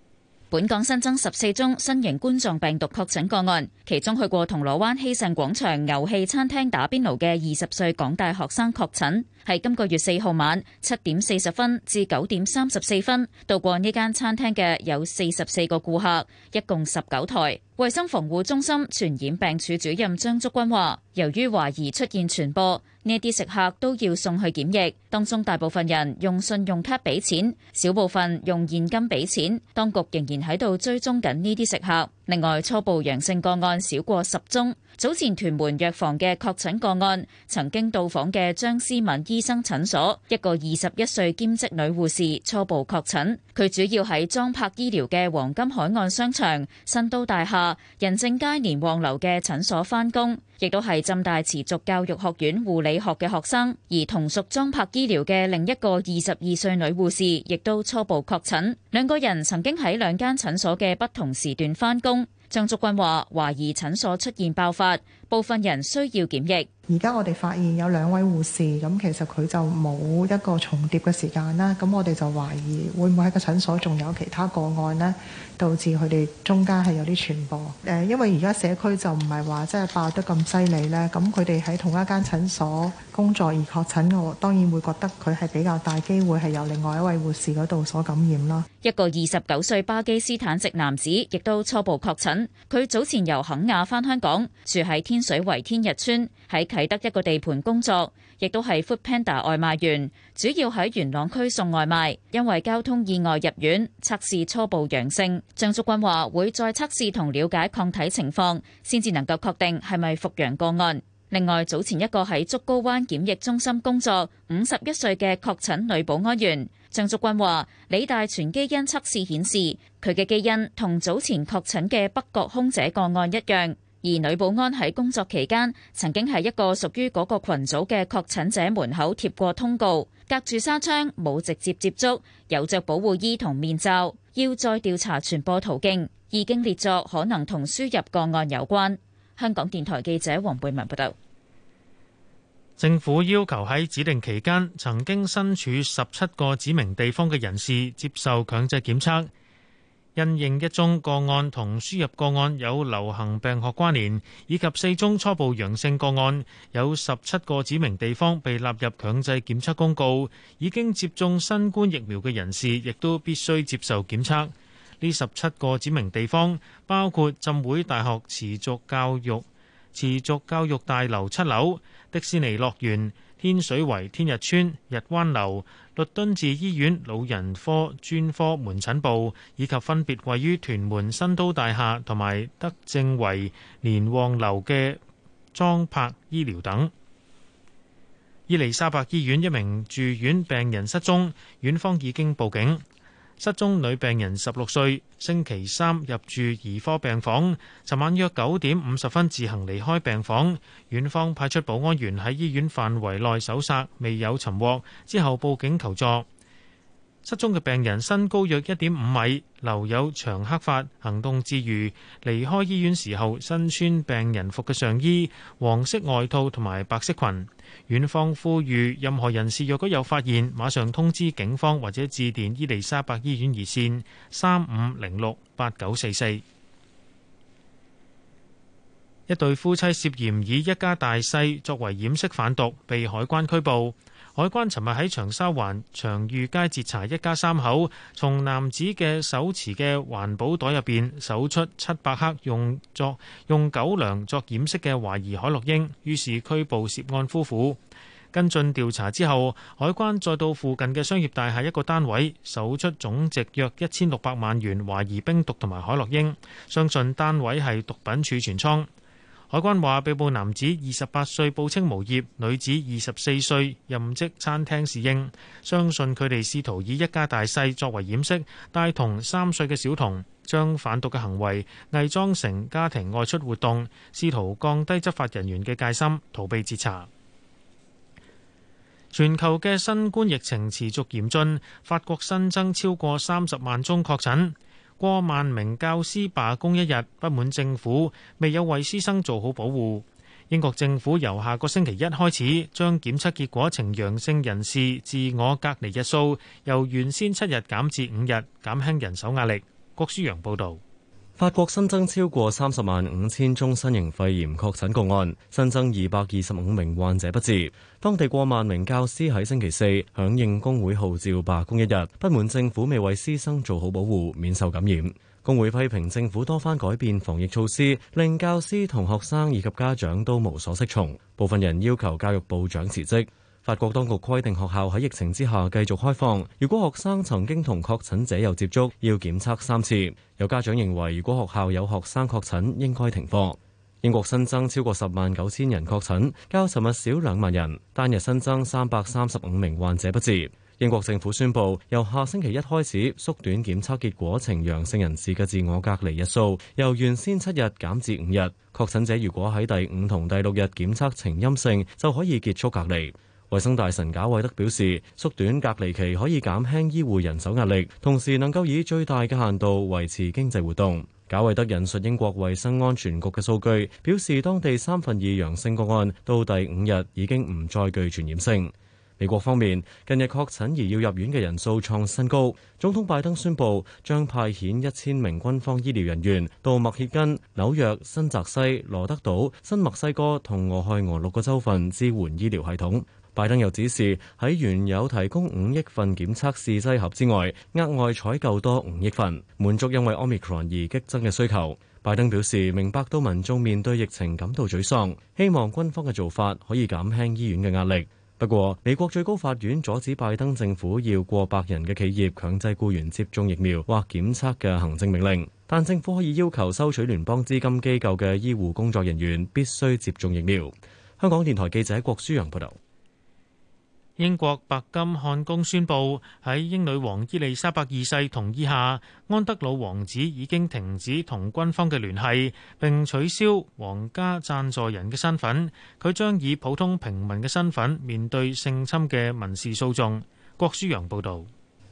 本港新增十四宗新型冠狀病毒確診個案，其中去過銅鑼灣希慎廣場牛氣餐廳打邊爐嘅二十歲港大學生確診，係今個月四號晚七點四十分至九點三十四分到過呢間餐廳嘅有四十四個顧客，一共十九台。衛生防護中心傳染病處主任張竹君話，由於懷疑出現傳播，呢啲食客都要送去檢疫，當中大部分人用信用卡俾錢，小部分用現金俾錢，當局仍然喺度追蹤緊呢啲食客。另外，初步陽性個案少過十宗。早前屯門藥房嘅確診個案，曾經到訪嘅張思敏醫生診所，一個二十一歲兼職女護士初步確診。佢主要喺莊柏醫療嘅黃金海岸商場新都大廈仁政街連旺樓嘅診所翻工。亦都係浸大持續教育學院護理學嘅學生，而同屬莊柏醫療嘅另一個二十二歲女護士，亦都初步確診。兩個人曾經喺兩間診所嘅不同時段返工。張竹君話：懷疑診所出現爆發，部分人需要檢疫。而家我哋發現有兩位護士，咁其實佢就冇一個重疊嘅時間啦。咁我哋就懷疑會唔會喺個診所仲有其他個案呢？導致佢哋中間係有啲傳播。誒，因為而家社區就唔係話即係爆得咁犀利呢。咁佢哋喺同一間診所工作而確診，我當然會覺得佢係比較大機會係由另外一位護士嗰度所感染啦。一個二十九歲巴基斯坦籍男子亦都初步確診，佢早前由肯亞返香港，住喺天水圍天日邨。喺。睇得一個地盤工作，亦都係 Foodpanda 外賣員，主要喺元朗區送外賣。因為交通意外入院，測試初步陽性。張竹君話會再測試同了解抗體情況，先至能夠確定係咪復陽個案。另外早前一個喺竹篙灣檢疫中心工作，五十一歲嘅確診女保安員，張竹君話李大全基因測試顯示，佢嘅基因同早前確診嘅北角空姐個案一樣。而女保安喺工作期間曾經喺一個屬於嗰個群組嘅確診者門口貼過通告，隔住紗窗，冇直接接觸，有着保護衣同面罩，要再調查傳播途徑，已經列作可能同輸入個案有關。香港電台記者黃貝文報道。政府要求喺指定期間曾經身處十七個指明地方嘅人士接受強制檢測。因應一宗個案同輸入個案有流行病學關聯，以及四宗初步陽性個案，有十七個指明地方被納入強制檢測公告。已經接種新冠疫苗嘅人士亦都必須接受檢測。呢十七個指明地方包括浸會大學持續教育持續教育大樓七樓、迪士尼樂園、天水圍天日村、日灣樓。律敦治醫院老人科專科門診部，以及分別位於屯門新都大廈同埋德政圍連旺樓嘅莊柏醫療等。伊利沙伯醫院一名住院病人失蹤，院方已經報警。失蹤女病人十六歲，星期三入住兒科病房，尋晚約九點五十分自行離開病房，院方派出保安員喺醫院範圍內搜查，未有尋獲，之後報警求助。失蹤嘅病人身高約一點五米，留有長黑髮，行動自如。離開醫院時候身穿病人服嘅上衣、黃色外套同埋白色裙。院方呼籲，任何人士若果有發現，馬上通知警方或者致電伊麗莎白醫院熱線三五零六八九四四。一對夫妻涉嫌以一家大細作為掩飾販毒，被海關拘捕。海關尋日喺長沙灣長裕街截查一家三口，從男子嘅手持嘅環保袋入邊搜出七百克用作用狗糧作掩飾嘅懷疑海洛因，於是拘捕涉案夫婦。跟進調查之後，海關再到附近嘅商業大廈一個單位，搜出總值約一千六百萬元懷疑冰毒同埋海洛因，相信單位係毒品儲存倉。海關話，被捕男子二十八歲，報稱無業；女子二十四歲，任職餐廳侍應。相信佢哋試圖以一家大細作為掩飾，帶同三歲嘅小童，將販毒嘅行為偽裝成家庭外出活動，試圖降低執法人員嘅戒心，逃避截查。全球嘅新冠疫情持續嚴峻，法國新增超過三十萬宗確診。過萬名教師罷工一日，不滿政府未有為師生做好保護。英國政府由下個星期一開始，將檢測結果呈陽性人士自我隔離日數由原先七日減至五日，減輕人手壓力。郭舒揚報導。法國新增超過三十萬五千宗新型肺炎確診個案，新增二百二十五名患者不治。當地過萬名教師喺星期四響應工會號召罷工一日，不滿政府未為師生做好保護，免受感染。工會批評政府多番改變防疫措施，令教師同學生以及家長都無所適從。部分人要求教育部長辭職。法國當局規定學校喺疫情之下繼續開放。如果學生曾經同確診者有接觸，要檢測三次。有家長認為，如果學校有學生確診，應該停課。英國新增超過十萬九千人確診，較尋日少兩萬人，單日新增三百三十五名患者不治。英國政府宣布，由下星期一開始縮短檢測結果呈陽性人士嘅自我隔離日數，由原先七日減至五日。確診者如果喺第五同第六日檢測呈陰性，就可以結束隔離。衛生大臣賈維德表示，縮短隔離期可以減輕醫護人手壓力，同時能夠以最大嘅限度維持經濟活動。賈維德引述英國衛生安全局嘅數據，表示當地三分二陽性個案到第五日已經唔再具傳染性。美國方面，近日確診而要入院嘅人數創新高。總統拜登宣布將派遣一千名軍方醫療人員到麥歇根、紐約、新澤西、羅德島、新墨西哥同俄亥俄六個州份支援醫療系統。拜登又指示喺原有提供五億份檢測試劑盒之外，額外採購多五億份，滿足因為 Omicron 而激增嘅需求。拜登表示明白到民眾面對疫情感到沮喪，希望軍方嘅做法可以減輕醫院嘅壓力。不過美國最高法院阻止拜登政府要過百人嘅企業強制僱員接種疫苗或檢測嘅行政命令，但政府可以要求收取聯邦資金機構嘅醫護工作人員必須接種疫苗。香港電台記者郭舒陽報道。英國白金漢宮宣布，喺英女王伊麗莎白二世同意下，安德魯王子已經停止同軍方嘅聯繫，並取消皇家贊助人嘅身份，佢將以普通平民嘅身份面對性侵嘅民事訴訟。郭舒陽報道。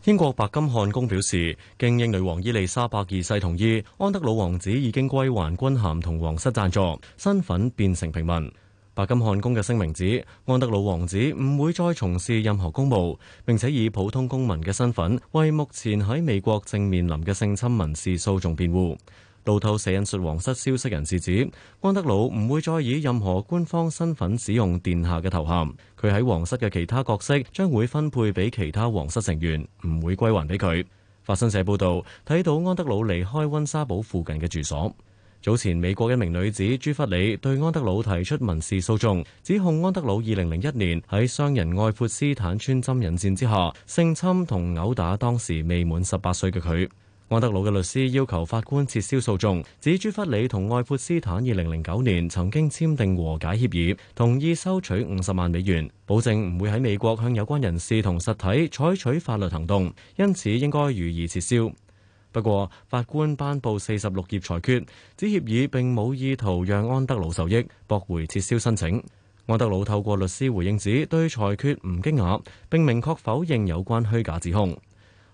英國白金漢宮表示，經英女王伊麗莎白二世同意，安德魯王子已經歸還軍銜同皇室贊助身份，變成平民。白金漢宮嘅聲明指，安德魯王子唔會再從事任何公務，並且以普通公民嘅身份為目前喺美國正面臨嘅性侵民事訴訟辯護。路透社引述皇室消息人士指，安德魯唔會再以任何官方身份使用殿下嘅頭銜，佢喺皇室嘅其他角色將會分配俾其他皇室成員，唔會歸還俾佢。法新社報導，睇到安德魯離開溫莎堡附近嘅住所。早前，美國一名女子朱弗里對安德魯提出民事訴訟，指控安德魯二零零一年喺商人愛潑斯坦穿針引線之下，性侵同毆打當時未滿十八歲嘅佢。安德魯嘅律師要求法官撤銷訴訟，指朱弗里同愛潑斯坦二零零九年曾經簽訂和解協議，同意收取五十萬美元，保證唔會喺美國向有關人士同實體採取法律行動，因此應該予以撤銷。不過，法官頒布四十六頁裁決，指協議並冇意圖讓安德魯受益，駁回撤銷申請。安德魯透過律師回應指對裁決唔驚訝，並明確否認有關虛假指控。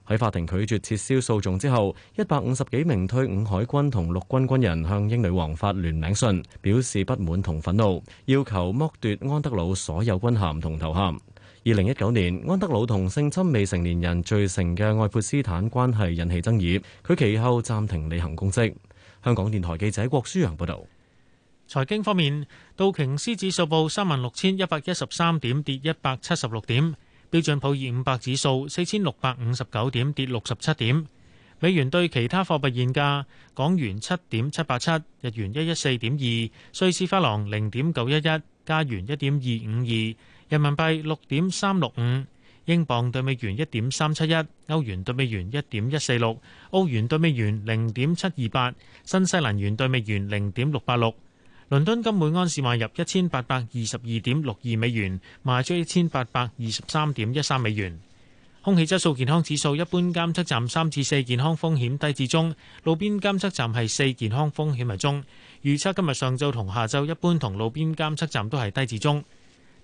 喺法庭拒絕撤銷訴訟之後，一百五十幾名退伍海軍同陸軍軍人向英女王發聯名信，表示不滿同憤怒，要求剝奪安德魯所有軍銜同頭銜。二零一九年，安德魯同性侵未成年人罪成嘅愛潑斯坦關係引起爭議，佢其後暫停履行公職。香港電台記者郭舒揚報道。財經方面，道瓊斯指數報三萬六千一百一十三點，跌一百七十六點；標準普爾五百指數四千六百五十九點，跌六十七點。美元對其他貨幣現價：港元七點七八七，日元一一四點二，瑞士法郎零點九一一，加元一點二五二。人民幣六點三六五，英鎊對美元一點三七一，歐元對美元一點一四六，澳元對美元零點七二八，新西蘭元對美元零點六八六。倫敦金每安士賣入一千八百二十二點六二美元，賣出一千八百二十三點一三美元。空氣質素健康指數一般監測站三至四健康風險低至中，路邊監測站係四健康風險為中。預測今日上晝同下晝一般同路邊監測站都係低至中。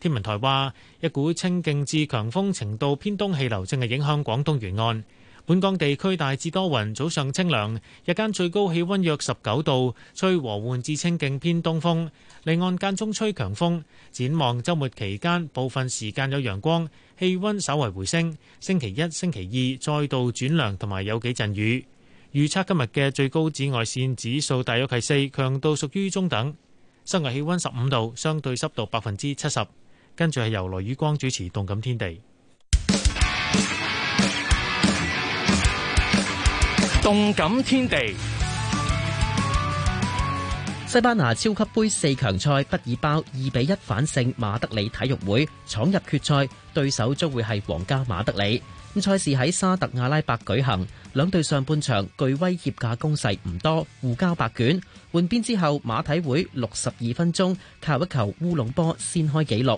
天文台話，一股清勁至強風程度偏東氣流正係影響廣東沿岸。本港地區大致多雲，早上清涼，日間最高氣溫約十九度，吹和緩至清勁偏東風。離岸間中吹強風。展望週末期間，部分時間有陽光，氣溫稍為回升。星期一、星期二再度轉涼，同埋有幾陣雨。預測今日嘅最高紫外線指數大約係四，強度屬於中等。室外氣溫十五度，相對濕度百分之七十。跟住係由雷宇光主持《動感天地》。《動感天地》西班牙超級盃四強賽，畢爾包二比一反勝馬德里體育會，闖入決賽，對手將會係皇家馬德里。咁賽事喺沙特阿拉伯舉行，兩隊上半場具威脅架攻勢唔多，互交白卷。換邊之後，馬體會六十二分鐘靠一球烏龍波先開紀錄。。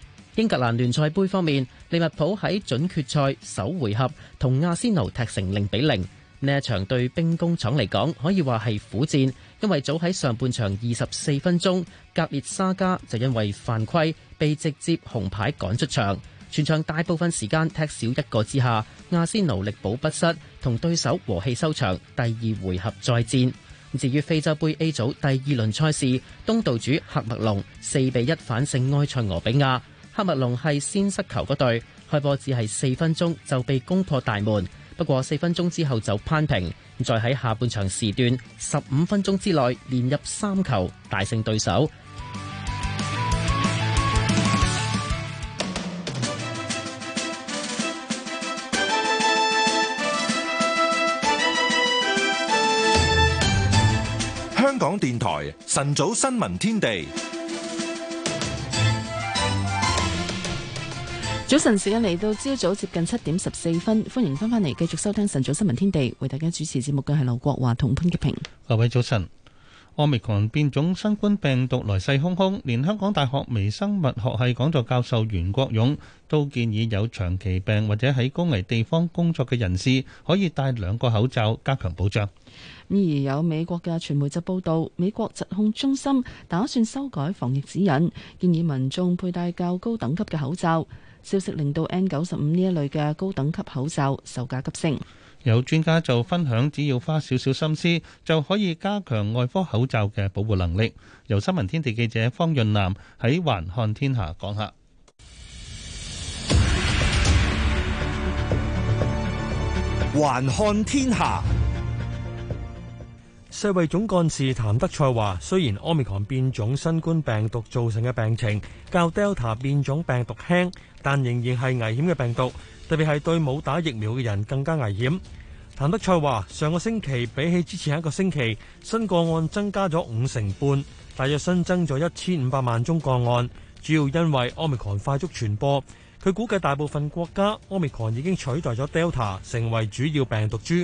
英格蘭聯賽盃方面，利物浦喺準決賽首回合同阿仙奴踢成零比零。呢一場對兵工廠嚟講，可以話係苦戰，因為早喺上半場二十四分鐘，格列沙加就因為犯規被直接紅牌趕出場。全場大部分時間踢少一個之下，阿仙奴力保不失，同對手和氣收場。第二回合再戰。至於非洲杯 A 組第二輪賽事，東道主喀麥隆四比一反勝埃塞俄比亞。黑密龍係先失球嗰隊，開波只係四分鐘就被攻破大門，不過四分鐘之後就扳平，再喺下半場時段十五分鐘之內連入三球，大勝對手。香港電台晨早新聞天地。早晨，時間嚟到朝早接近七點十四分，歡迎翻返嚟繼續收聽晨早新聞天地。為大家主持節目嘅係劉國華同潘潔平。各位早晨，奧密克戎變種新冠病毒來勢洶洶，連香港大學微生物學系講座教授袁國勇都建議，有長期病或者喺高危地方工作嘅人士可以戴兩個口罩加強保障。咁而有美國嘅傳媒就報道，美國疾控中心打算修改防疫指引，建議民眾佩戴較高等級嘅口罩。消息令到 N 九十五呢一類嘅高等級口罩售價急升。有專家就分享，只要花少少心思，就可以加強外科口罩嘅保護能力。由新聞天地記者方潤南喺《環看天下》講下，《環看天下》。世衛總幹事譚德賽話：雖然奧密克戎變種新冠病毒造成嘅病情較 Delta 變種病毒輕，但仍然係危險嘅病毒，特別係對冇打疫苗嘅人更加危險。譚德賽話：上個星期比起之前一個星期，新個案增加咗五成半，大約新增咗一千五百萬宗個案，主要因為奧密克戎快速傳播。佢估計大部分國家奧密克戎已經取代咗 Delta 成為主要病毒株。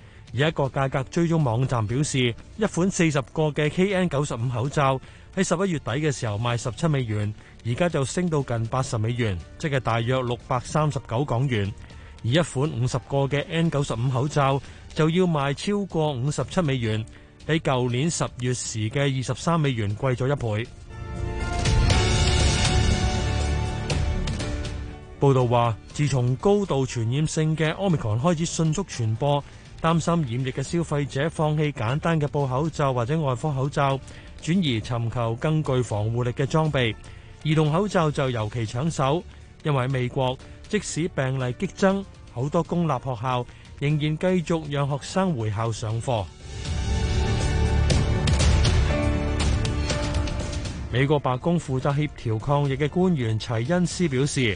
而一個價格追蹤網站表示，一款四十個嘅 KN 九十五口罩喺十一月底嘅時候賣十七美元，而家就升到近八十美元，即係大約六百三十九港元。而一款五十個嘅 N 九十五口罩就要賣超過五十七美元，比舊年十月時嘅二十三美元貴咗一倍。報道話，自從高度傳染性嘅 Omicron 開始迅速傳播，擔心染疫嘅消費者放棄簡單嘅布口罩或者外科口罩，轉移尋求更具防護力嘅裝備。兒童口罩就尤其搶手，因為美國，即使病例激增，好多公立學校仍然繼續讓學生回校上課。美國白宮負責協調抗疫嘅官員齊恩斯表示。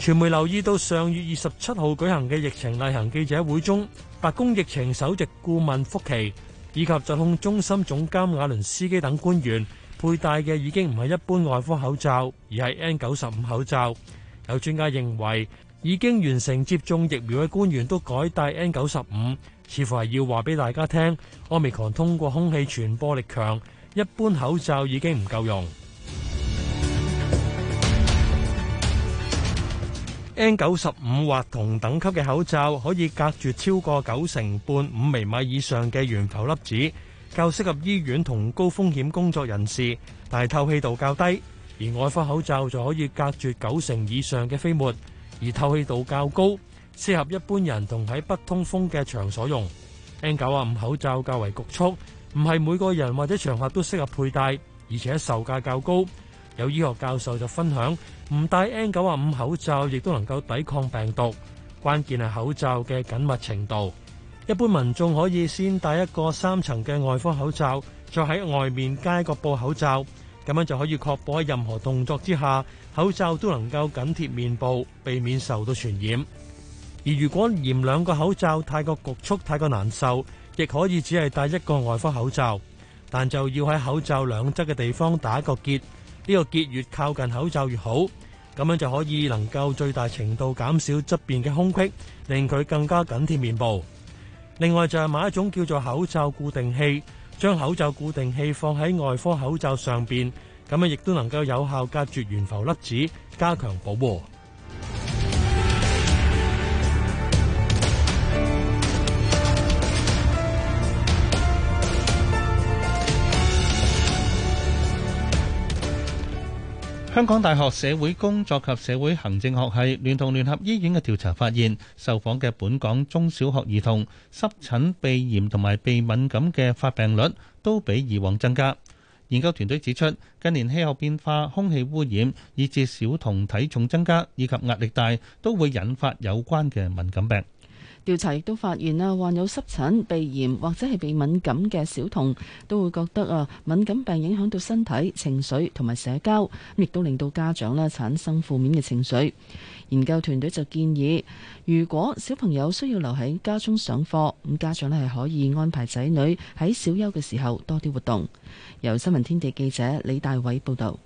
傳媒留意到上月二十七號舉行嘅疫情例行記者會中，白宮疫情首席顧問福奇以及疾控中心總監瓦倫斯基等官員佩戴嘅已經唔係一般外科口罩，而係 N 九十五口罩。有專家認為，已經完成接種疫苗嘅官員都改戴 N 九十五，似乎係要話俾大家聽，奧密克戎通過空氣傳播力強，一般口罩已經唔夠用。N 九十五或同等級嘅口罩可以隔住超過九成半五微米以上嘅懸浮粒子，較適合醫院同高風險工作人士，但係透氣度較低。而外科口罩就可以隔住九成以上嘅飛沫，而透氣度較高，適合一般人同喺不通風嘅場所用。N 九啊五口罩較為局促，唔係每個人或者場合都適合佩戴，而且售價較高。有醫學教授就分享，唔戴 N 九啊五口罩亦都能夠抵抗病毒，關鍵係口罩嘅緊密程度。一般民眾可以先戴一個三層嘅外科口罩，再喺外面加一個布口罩，咁樣就可以確保喺任何動作之下，口罩都能夠緊貼面部，避免受到傳染。而如果嫌兩個口罩太過局促、太過難受，亦可以只係戴一個外科口罩，但就要喺口罩兩側嘅地方打一個結。呢個結越靠近口罩越好，咁樣就可以能夠最大程度減少側邊嘅空隙，令佢更加緊貼面部。另外就係買一種叫做口罩固定器，將口罩固定器放喺外科口罩上邊，咁樣亦都能夠有效隔絕懸浮粒子，加強保護。香港大學社會工作及社會行政學系聯同聯合醫院嘅調查發現，受訪嘅本港中小學兒童濕疹、鼻炎同埋鼻敏感嘅發病率都比以往增加。研究團隊指出，近年氣候變化、空氣污染，以至小童體重增加以及壓力大，都會引發有關嘅敏感病。調查亦都發現啦，患有濕疹、鼻炎或者係鼻敏感嘅小童都會覺得啊，敏感病影響到身體、情緒同埋社交，亦都令到家長呢產生負面嘅情緒。研究團隊就建議，如果小朋友需要留喺家中上課，咁家長呢係可以安排仔女喺小休嘅時候多啲活動。由新聞天地記者李大偉報道。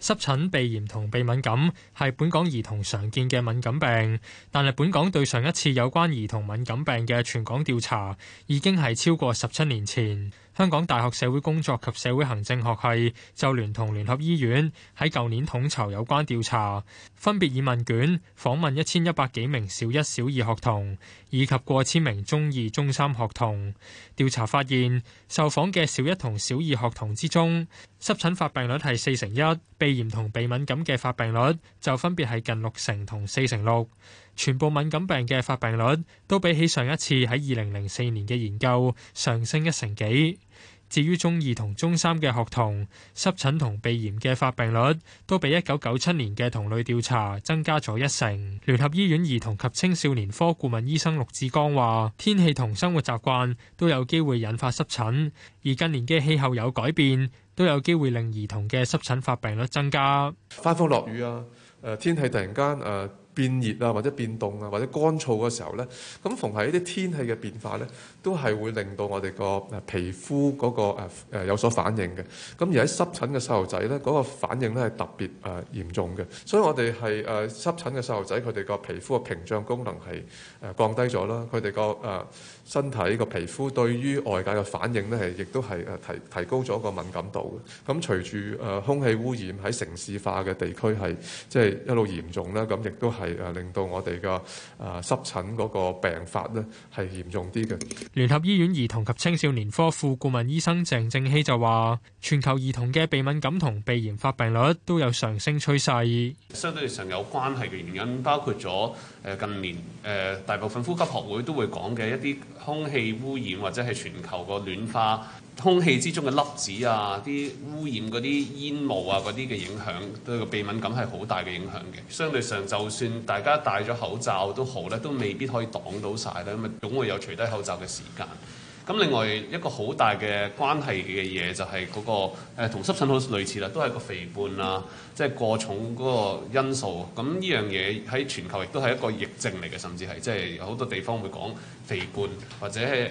濕疹、鼻炎同鼻敏感係本港兒童常見嘅敏感病，但係本港對上一次有關兒童敏感病嘅全港調查已經係超過十七年前。香港大學社會工作及社會行政學系就聯同聯合醫院喺舊年統籌有關調查，分別以問卷訪問一千一百幾名小一小二學童，以及過千名中二中三學童。調查發現，受訪嘅小一同小二學童之中，濕疹發病率係四成一，鼻炎同鼻敏感嘅發病率就分別係近六成同四成六，全部敏感病嘅發病率都比起上一次喺二零零四年嘅研究上升一成幾。至於中二同中三嘅學童，濕疹同鼻炎嘅發病率都比一九九七年嘅同類調查增加咗一成。聯合醫院兒童及青少年科顧問醫生陸志剛話：天氣同生活習慣都有機會引發濕疹，而近年嘅氣候有改變，都有機會令兒童嘅濕疹發病率增加。翻風落雨啊，誒天氣突然間誒。變熱啊，或者變凍啊，或者乾燥嘅時候呢，咁逢喺一啲天氣嘅變化呢，都係會令到我哋個皮膚嗰、嗰個誒、呃、有所反應嘅。咁而喺濕疹嘅細路仔呢，嗰、嗰個反應呢係特別誒、呃、嚴重嘅。所以我哋係誒濕疹嘅細路仔，佢哋個皮膚嘅屏障功能係誒、呃、降低咗啦，佢哋個誒。呃身體個皮膚對於外界嘅反應咧，係亦都係誒提提高咗個敏感度嘅。咁隨住誒空氣污染喺城市化嘅地區係即係一路嚴重啦。咁亦都係誒令到我哋嘅誒濕疹嗰個病發咧係嚴重啲嘅。聯合醫院兒童及青少年科副顧問醫生鄭正熙就話，全球兒童嘅鼻敏感同鼻炎發病率都有上升趨勢。相對上有關係嘅原因包括咗。誒近年誒、呃、大部分呼吸學會都會講嘅一啲空氣污染或者係全球個暖化，空氣之中嘅粒子啊，啲污染嗰啲煙霧啊，嗰啲嘅影響對個鼻敏感係好大嘅影響嘅。相對上，就算大家戴咗口罩都好咧，都未必可以擋到晒咧，咁啊總會有除低口罩嘅時間。咁另外一個好大嘅關係嘅嘢，就係嗰個誒同濕疹好類似啦，都係個肥胖啊，即係過重嗰個因素。咁呢樣嘢喺全球亦都係一個疫症嚟嘅，甚至係即係好多地方會講肥胖或者係誒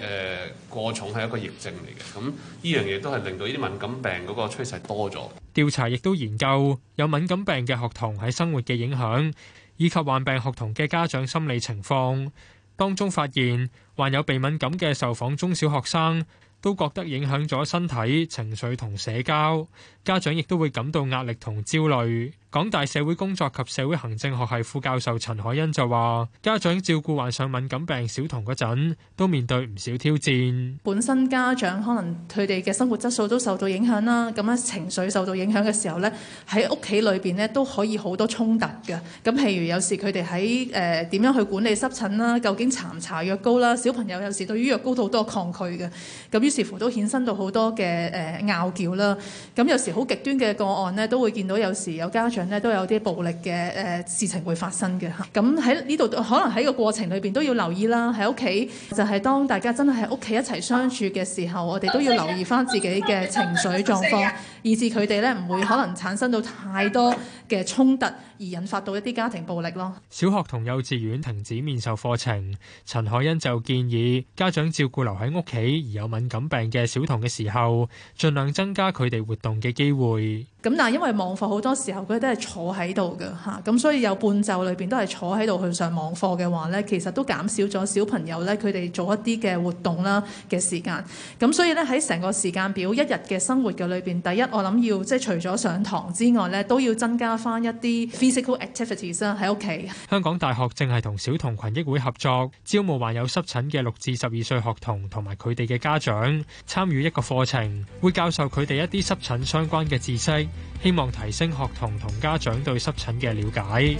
過重係一個疫症嚟嘅。咁呢樣嘢都係令到呢啲敏感病嗰個趨勢多咗。調查亦都研究有敏感病嘅學童喺生活嘅影響，以及患病學童嘅家長心理情況，當中發現。患有鼻敏感嘅受訪中小學生都覺得影響咗身體、情緒同社交。家長亦都會感到壓力同焦慮。港大社會工作及社會行政學系副教授陳海欣就話：家長照顧患上敏感病小童嗰陣，都面對唔少挑戰。本身家長可能佢哋嘅生活質素都受到影響啦，咁咧情緒受到影響嘅時候呢，喺屋企裏邊咧都可以好多衝突嘅。咁譬如有時佢哋喺誒點樣去管理濕疹啦，究竟搽唔搽藥膏啦？小朋友有時對於藥膏都好多抗拒嘅，咁於是乎都衍生到好多嘅誒拗撬啦。咁有時，好極端嘅個案咧，都會見到有時有家長咧都有啲暴力嘅誒事情會發生嘅。咁喺呢度可能喺個過程裏邊都要留意啦。喺屋企就係、是、當大家真係喺屋企一齊相處嘅時候，我哋都要留意返自己嘅情緒狀況，以至佢哋呢唔會可能產生到太多嘅衝突，而引發到一啲家庭暴力咯。小學同幼稚園停止面授課程，陳海欣就建議家長照顧留喺屋企而有敏感病嘅小童嘅時候，盡量增加佢哋活動嘅機機會。咁但係因為網課好多時候佢都係坐喺度㗎，咁所以有伴奏裏邊都係坐喺度去上網課嘅話咧，其實都減少咗小朋友咧佢哋做一啲嘅活動啦嘅時間。咁所以咧喺成個時間表一日嘅生活嘅裏邊，第一我諗要即係除咗上堂之外咧，都要增加返一啲 physical activities 啦喺屋企。香港大學正係同小童群益會合作，招募患有濕疹嘅六至十二歲學童同埋佢哋嘅家長，參與一個課程，會教授佢哋一啲濕疹相關嘅知識。希望提升學童同家長對濕疹嘅了解。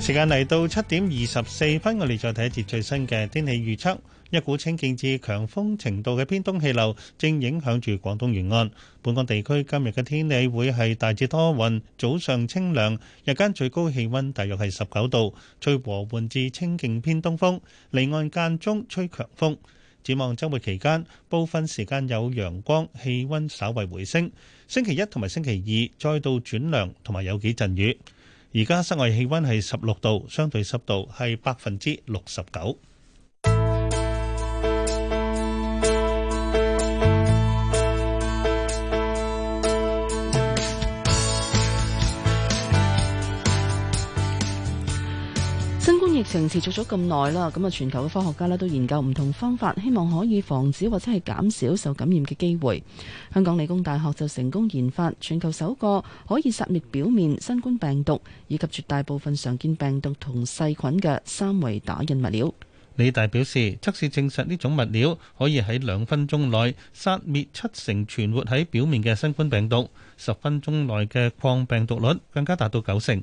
時間嚟到七點二十四分，我哋再睇一節最新嘅天氣預測。一股清勁至強風程度嘅偏東氣流正影響住廣東沿岸，本港地區今日嘅天氣會係大致多雲，早上清涼，日間最高氣温大約係十九度，吹和緩至清勁偏東風，離岸間中吹強風。展望周末期間，部分時間有陽光，氣温稍為回升。星期一同埋星期二再度轉涼同埋有幾陣雨。而家室外氣温係十六度，相對濕度係百分之六十九。疫情持續咗咁耐啦，咁啊，全球嘅科學家咧都研究唔同方法，希望可以防止或者係減少受感染嘅機會。香港理工大學就成功研發全球首個可以殺滅表面新冠病毒以及絕大部分常見病毒同細菌嘅三維打印物料。理大表示，測試證實呢種物料可以喺兩分鐘內殺滅七成存活喺表面嘅新冠病毒，十分鐘內嘅抗病毒率更加達到九成。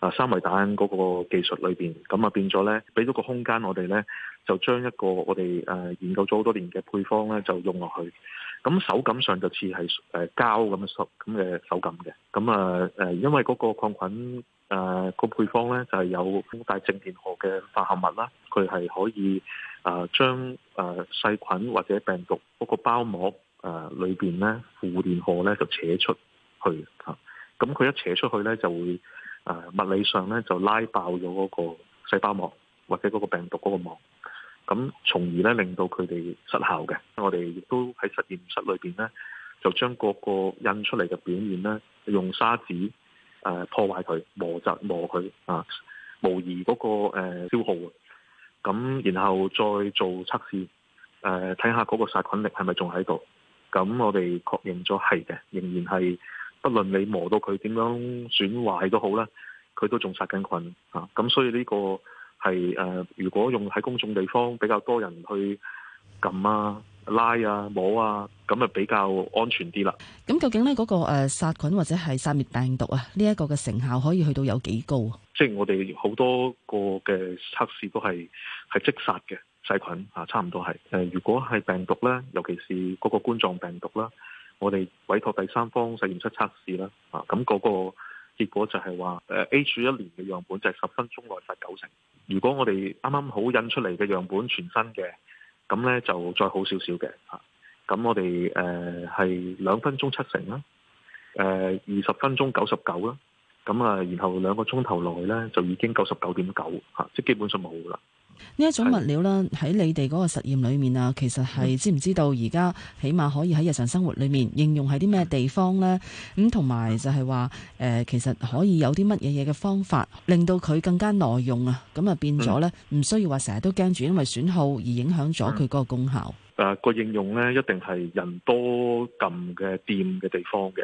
啊！三維彈嗰個技術裏邊，咁啊變咗咧，俾咗個空間我哋咧，就將一個我哋誒研究咗好多年嘅配方咧，就用落去。咁手感上就似係誒膠咁嘅手感嘅。咁啊誒，因為嗰個抗菌誒個配方咧，就係有帶正電荷嘅化合物啦，佢係可以誒將誒細菌或者病毒嗰個包膜誒裏邊咧負電荷咧就扯出去。咁佢一扯出去咧就會。誒物理上咧就拉爆咗嗰個細胞膜，或者嗰個病毒嗰個膜，咁從而咧令到佢哋失效嘅。我哋亦都喺實驗室裏邊咧，就將嗰個印出嚟嘅表面咧，用砂紙誒、呃、破壞佢，磨窒磨佢啊，模擬嗰個、呃、消耗嘅。咁然後再做測試，誒睇下嗰個殺菌力係咪仲喺度？咁我哋確認咗係嘅，仍然係。不論你磨到佢點樣損壞都好啦，佢都仲殺緊菌啊！咁所以呢個係誒、呃，如果用喺公眾地方比較多人去撳啊、拉啊、摸啊，咁啊比較安全啲啦。咁究竟呢嗰、嗰個誒殺、呃、菌或者係殺滅病毒啊？呢、這、一個嘅成效可以去到有幾高啊？即係我哋好多個嘅測試都係係即殺嘅細菌啊，差唔多係。誒、呃，如果係病毒呢，尤其是嗰個冠狀病毒啦。我哋委託第三方實驗室測試啦，啊，咁嗰個結果就係話，誒，A 柱一年嘅樣本就係十分鐘內發九成。如果我哋啱啱好印出嚟嘅樣本全新嘅，咁呢就再好少少嘅，啊，咁我哋誒係兩分鐘七成啦，誒、呃，二十分鐘九十九啦，咁啊，然後兩個鐘頭內呢，就已經九十九點九，吓，即基本上冇噶啦。呢一種物料咧，喺你哋嗰個實驗裏面啊，其實係知唔知道而家起碼可以喺日常生活裏面應用喺啲咩地方呢？咁同埋就係話誒，其實可以有啲乜嘢嘢嘅方法，令到佢更加耐用啊！咁啊變咗呢，唔、嗯、需要話成日都驚住因為損耗而影響咗佢嗰個功效。誒個、嗯呃、應用呢，一定係人多撳嘅店嘅地方嘅。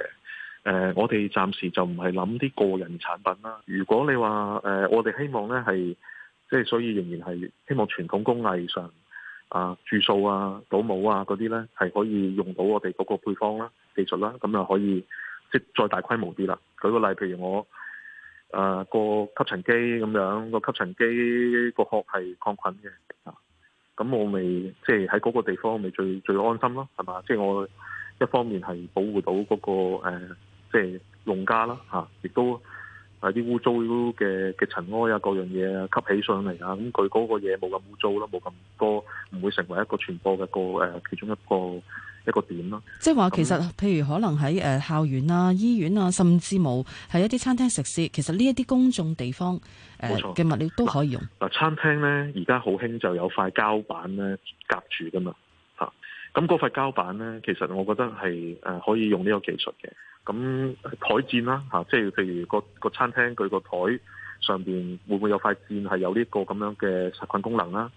誒、呃，我哋暫時就唔係諗啲個人產品啦。如果你話誒、呃，我哋希望呢係。即係所以，仍然係希望傳統工藝上，啊，住數啊、倒帽啊嗰啲咧，係可以用到我哋嗰個配方啦、技術啦、啊，咁就可以即、就是、再大規模啲啦。舉個例，譬如我誒個、啊、吸塵機咁樣，個吸塵機個殼係抗菌嘅，啊，咁我咪即係喺嗰個地方咪最最安心咯，係嘛？即、就、係、是、我一方面係保護到嗰、那個即係、呃就是、農家啦，嚇、啊，亦都。係啲污糟嘅嘅塵埃啊，各樣嘢啊，吸起上嚟啊，咁佢嗰個嘢冇咁污糟啦，冇咁多，唔會成為一個傳播嘅個誒、呃、其中一個一個點咯。即係話其實，那譬如可能喺誒校園啊、醫院啊，甚至冇係一啲餐廳食肆，其實呢一啲公眾地方，誒、呃、嘅錯物料都可以用。嗱、呃呃，餐廳咧而家好興就有塊膠板咧夾住噶嘛，嚇、啊，咁嗰塊膠板咧，其實我覺得係誒、呃、可以用呢個技術嘅。咁台墊啦，嚇，即係譬如個個餐廳佢個台上邊會唔會有塊墊係有呢個咁樣嘅殺菌功能啦？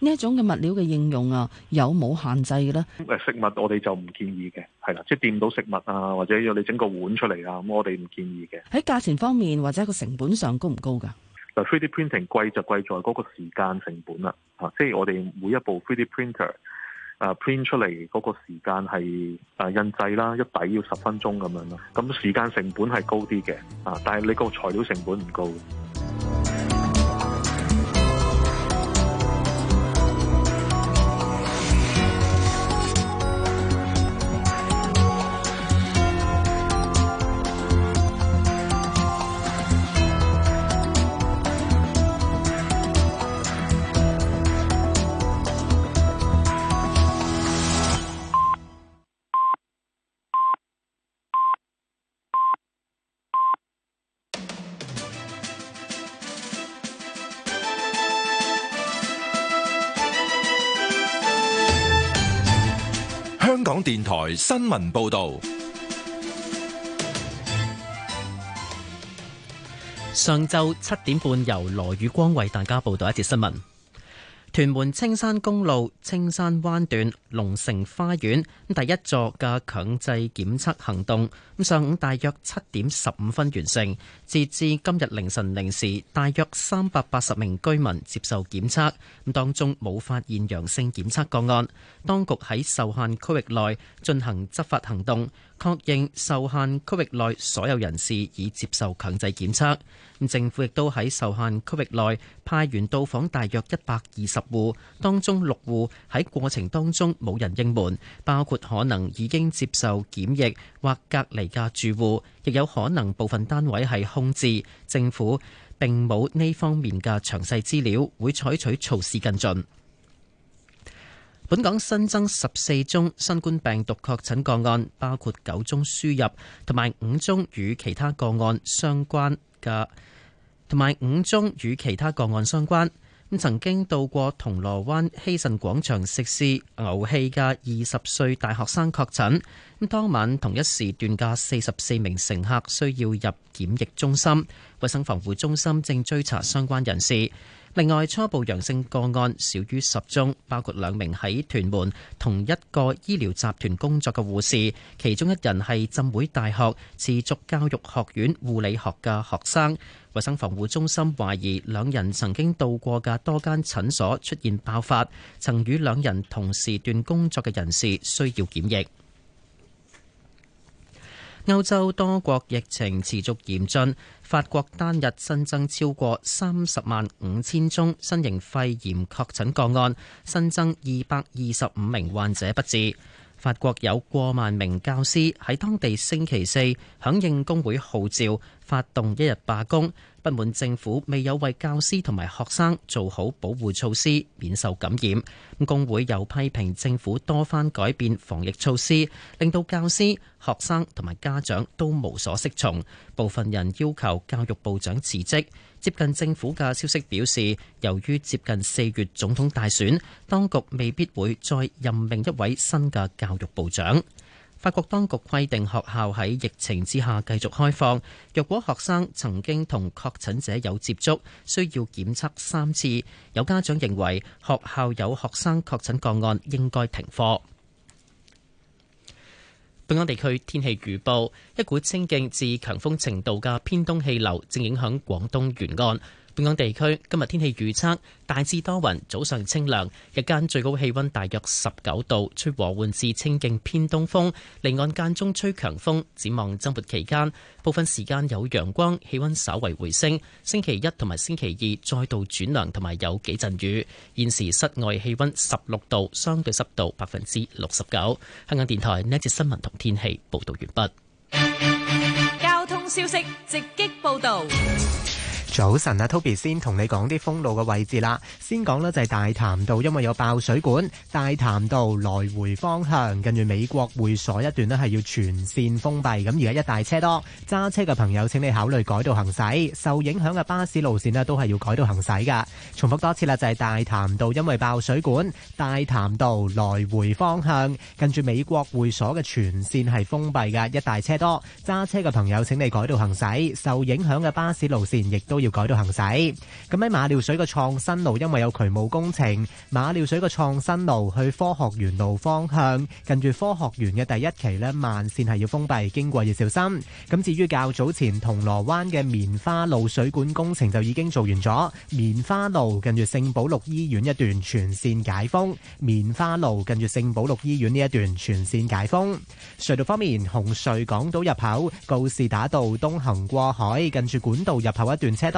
呢一種嘅物料嘅應用啊，有冇限制嘅咧？誒，食物我哋就唔建議嘅，係啦，即係掂到食物啊，或者要你整個碗出嚟啊，咁我哋唔建議嘅。喺價錢方面或者個成本上高唔高㗎？嗱，3D printing 貴就貴在嗰個時間成本啦，嚇，即係我哋每一部 3D printer。誒、uh, print 出嚟嗰個時間係、uh, 印製啦，一底要十分鐘咁樣咯，咁時間成本係高啲嘅，啊，但係你個材料成本唔高嘅。電台新聞報道。上晝七點半，由羅宇光為大家報道一節新聞。屯門青山公路青山灣段龍城花園第一座嘅強制檢測行動，咁上午大約七點十五分完成，截至今日凌晨零時，大約三百八十名居民接受檢測，咁當中冇發現陽性檢測個案。當局喺受限區域內進行執法行動。確認受限區域內所有人士已接受強制檢測，政府亦都喺受限區域內派員到訪大約一百二十戶，當中六戶喺過程當中冇人應門，包括可能已經接受檢疫或隔離嘅住戶，亦有可能部分單位係空置。政府並冇呢方面嘅詳細資料，會採取措施跟進。本港新增十四宗新冠病毒確診個案，包括九宗輸入同埋五宗與其他個案相關嘅，同埋五宗與其他個案相關，咁曾經到過銅鑼灣希慎廣場食肆牛氣嘅二十歲大學生確診，咁當晚同一時段嘅四十四名乘客需要入檢疫中心，衛生防護中心正追查相關人士。另外，初步陽性個案少於十宗，包括兩名喺屯門同一個醫療集團工作嘅護士，其中一人係浸會大學持續教育學院護理學嘅學生。衞生防護中心懷疑兩人曾經到過嘅多間診所出現爆發，曾與兩人同時段工作嘅人士需要檢疫。歐洲多國疫情持續嚴峻，法國單日新增超過三十萬五千宗新型肺炎確診個案，新增二百二十五名患者不治。法國有過萬名教師喺當地星期四響應工會號召，發動一日罷工，不滿政府未有為教師同埋學生做好保護措施，免受感染。咁工會又批評政府多番改變防疫措施，令到教師、學生同埋家長都無所適從。部分人要求教育部長辭職。接近政府嘅消息表示，由於接近四月總統大選，當局未必會再任命一位新嘅教育部長。法國當局規定學校喺疫情之下繼續開放，若果學生曾經同確診者有接觸，需要檢測三次。有家長認為學校有學生確診個案，應該停課。本港地區天氣預報：一股清勁至強風程度嘅偏東氣流正影響廣東沿岸。本港地區今日天氣預測，大致多雲，早上清涼，日間最高氣溫大約十九度，吹和緩至清勁偏東風，離岸間中吹強風。展望週末期間，部分時間有陽光，氣溫稍為回升。星期一同埋星期二再度轉涼，同埋有幾陣雨。現時室外氣溫十六度，相對濕度百分之六十九。香港電台呢節新聞同天氣報道完畢。交通消息直擊報道。早晨啊，Toby 先同你講啲封路嘅位置啦。先講咧就係大潭道，因為有爆水管，大潭道來回方向跟住美國會所一段咧係要全線封閉。咁而家一帶車多，揸車嘅朋友請你考慮改道行駛。受影響嘅巴士路線咧都係要改道行駛噶。重複多次啦，就係大潭道因為爆水管，大潭道來回方向跟住美國會所嘅全線係封閉嘅，一帶車多，揸車嘅朋友請你改道行駛。受影響嘅巴士路線亦都要。改道行駛，咁喺馬料水嘅創新路，因為有渠務工程，馬料水嘅創新路去科學園路方向，近住科學園嘅第一期咧，慢線係要封閉，經過要小心。咁至於較早前銅鑼灣嘅棉花路水管工程就已經做完咗，棉花路近住聖保祿醫院一段全線解封，棉花路近住聖保祿醫院呢一段全線解封。隧道方面，紅隧港島入口告士打道東行過海，近住管道入口一段車多。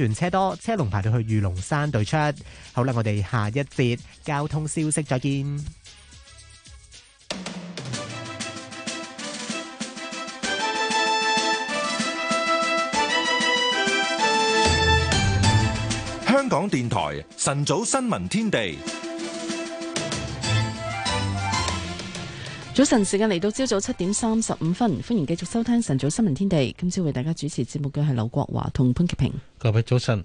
全車多，車龍排到去御龍山對出。好啦，我哋下一節交通消息再見。香港電台晨早新聞天地。早晨時間嚟到，朝早七點三十五分，歡迎繼續收聽晨早新聞天地。今朝為大家主持節目嘅係劉國華同潘潔平。各位早晨。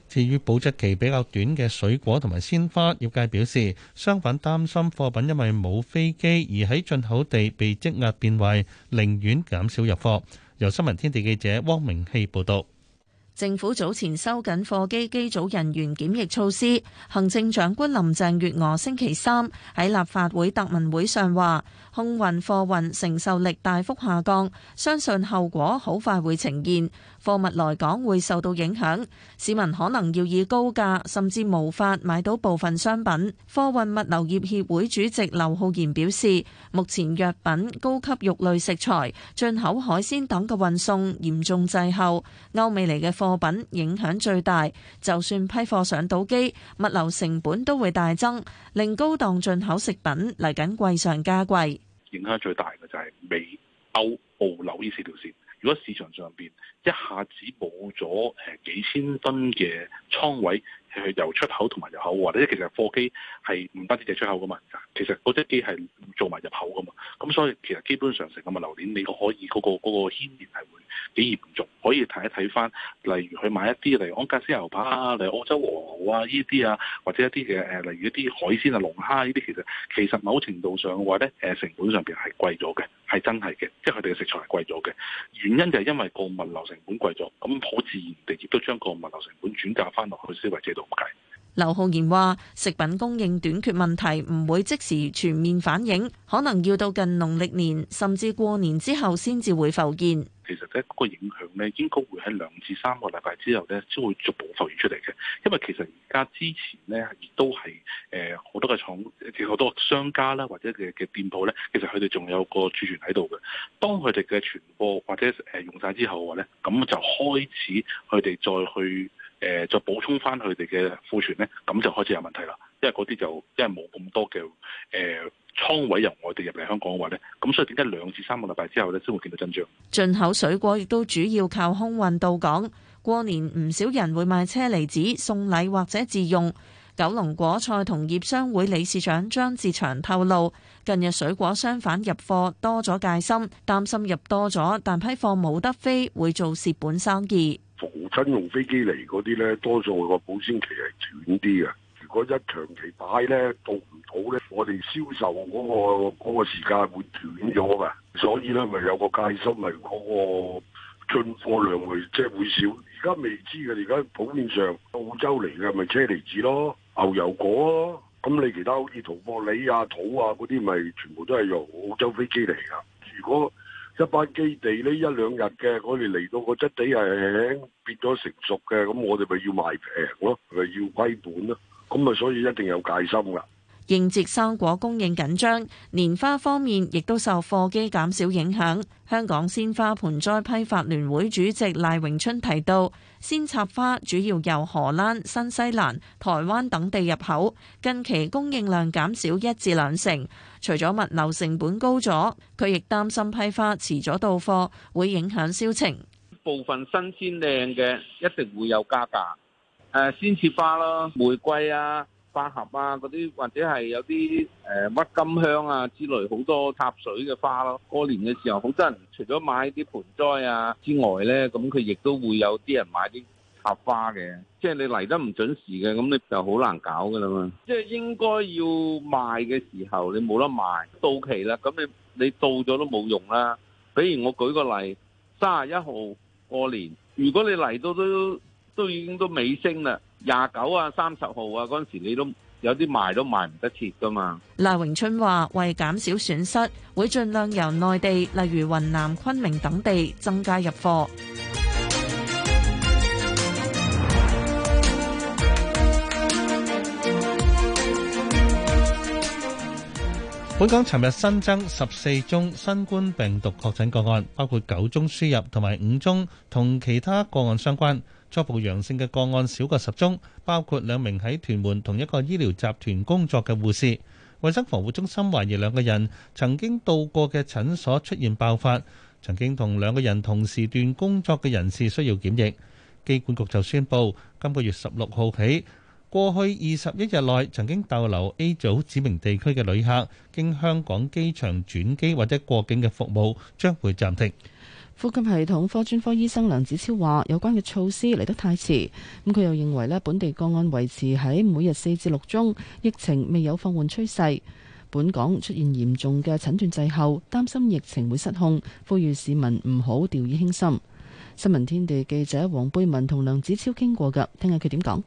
至於保質期比較短嘅水果同埋鮮花，業界表示，商販擔心貨品因為冇飛機而喺進口地被積壓變壞，寧願減少入貨。由新聞天地記者汪明熙報道。政府早前收緊貨機機組人員檢疫措施，行政長官林鄭月娥星期三喺立法會答問會上話，空運貨運承受力大幅下降，相信後果好快會呈現。貨物來港會受到影響，市民可能要以高價甚至無法買到部分商品。貨運物流業協會主席劉浩然表示，目前藥品、高級肉類食材、進口海鮮等嘅運送嚴重滯後，歐美嚟嘅貨品影響最大。就算批貨上到機，物流成本都會大增，令高檔進口食品嚟緊貴上加貴。影響最大嘅就係美歐澳紐呢四條線，如果市場上邊，一下子冇咗誒幾千噸嘅倉位，係去由出口同埋入口，或者其實貨機係唔單止隻出口噶嘛，其實嗰隻機係做埋入口噶嘛，咁所以其實基本上成個物流鏈你可以嗰、嗰個嗰、嗰個牽連係會。幾嚴重，可以睇一睇翻，例如去買一啲例如安格斯牛排啊，例如澳洲和牛啊，呢啲啊，或者一啲嘅，誒，例如一啲海鮮啊，龍蝦呢啲，其實其實某程度上嘅話咧，誒，成本上邊係貴咗嘅，係真係嘅，即係佢哋嘅食材係貴咗嘅原因就係因為個物流成本貴咗，咁好自然地亦都將個物流成本轉嫁翻落去消費者度計。劉浩然話：食品供應短缺問題唔會即時全面反映，可能要到近農曆年甚至過年之後先至會浮現。其實咧個影響咧應該會喺兩至三個禮拜之後咧，先會逐步浮現出嚟嘅。因為其實而家之前咧，亦都係誒好多嘅廠，好多商家啦，或者嘅嘅店鋪咧，其實佢哋仲有個儲存喺度嘅。當佢哋嘅傳播或者誒用晒之後話咧，咁就開始佢哋再去誒、呃、再補充翻佢哋嘅庫存咧，咁就開始有問題啦。因為嗰啲就因為冇咁多嘅誒。呃倉位由外地入嚟香港嘅話呢，咁所以點解兩至三個禮拜之後呢，先會見到增長？進口水果亦都主要靠空運到港。過年唔少人會買車厘子送禮或者自用。九龍果菜同業商會理事長張志祥透露，近日水果商販入貨多咗戒心，擔心入多咗，但批貨冇得飛，會做蝕本生意。逢親用飛機嚟嗰啲呢，多數個保鮮期係短啲嘅。嗰一長期擺咧，到唔到咧，我哋銷售嗰、嗰個嗰、嗰個時間會短咗嘅，所以咧咪有個戒心，咪個進貨量咪即係會少。而家未知嘅，而家普遍上澳洲嚟嘅咪車厘子咯，牛油果咯，咁你其他好似桃波李啊、桃啊嗰啲，咪全部都係用澳洲飛機嚟噶。如果一班基地呢一兩日嘅，我哋嚟到個質地係變咗成熟嘅，咁我哋咪要賣平咯，咪要虧本咯。咁啊，所以一定有戒心噶。應節生果供應緊張，年花方面亦都受貨機減少影響。香港鮮花盆栽批發聯會主席賴榮春提到，鮮插花主要由荷蘭、新西蘭、台灣等地入口，近期供應量減少一至兩成。除咗物流成本高咗，佢亦擔心批發遲咗到貨會影響銷情。部分新鮮靚嘅一定會有加價。誒、啊，鮮切花咯，玫瑰啊、百合啊嗰啲，或者係有啲誒鬱金香啊之類，好多插水嘅花咯。過年嘅時候，好多人除咗買啲盆栽啊之外呢，咁佢亦都會有啲人買啲插花嘅。即係你嚟得唔準時嘅，咁你就好難搞噶啦嘛。即係應該要賣嘅時候，你冇得賣，到期啦，咁你你到咗都冇用啦。比如我舉個例，三十一號過年，如果你嚟到都。都已經都尾聲啦，廿九啊、三十號啊，嗰陣時你都有啲賣都賣唔得切噶嘛。賴榮春話：為減少損失，會盡量由內地，例如雲南昆明等地增加入貨。本港尋日新增十四宗新冠病毒確診個案，包括九宗輸入，同埋五宗同其他個案相關。初步陽性嘅個案少過十宗，包括兩名喺屯門同一個醫療集團工作嘅護士。衞生防護中心懷疑兩個人曾經到過嘅診所出現爆發，曾經同兩個人同時段工作嘅人士需要檢疫。機管局就宣布，今個月十六號起，過去二十一日內曾經逗留 A 組指明地區嘅旅客，經香港機場轉機或者過境嘅服務將會暫停。呼吸系統科專科醫生梁子超話：有關嘅措施嚟得太遲，咁佢又認為呢本地個案維持喺每日四至六宗，疫情未有放緩趨勢。本港出現嚴重嘅診斷滯後，擔心疫情會失控，呼籲市民唔好掉以輕心。新聞天地記者黃貝文同梁子超傾過㗎，聽下佢點講？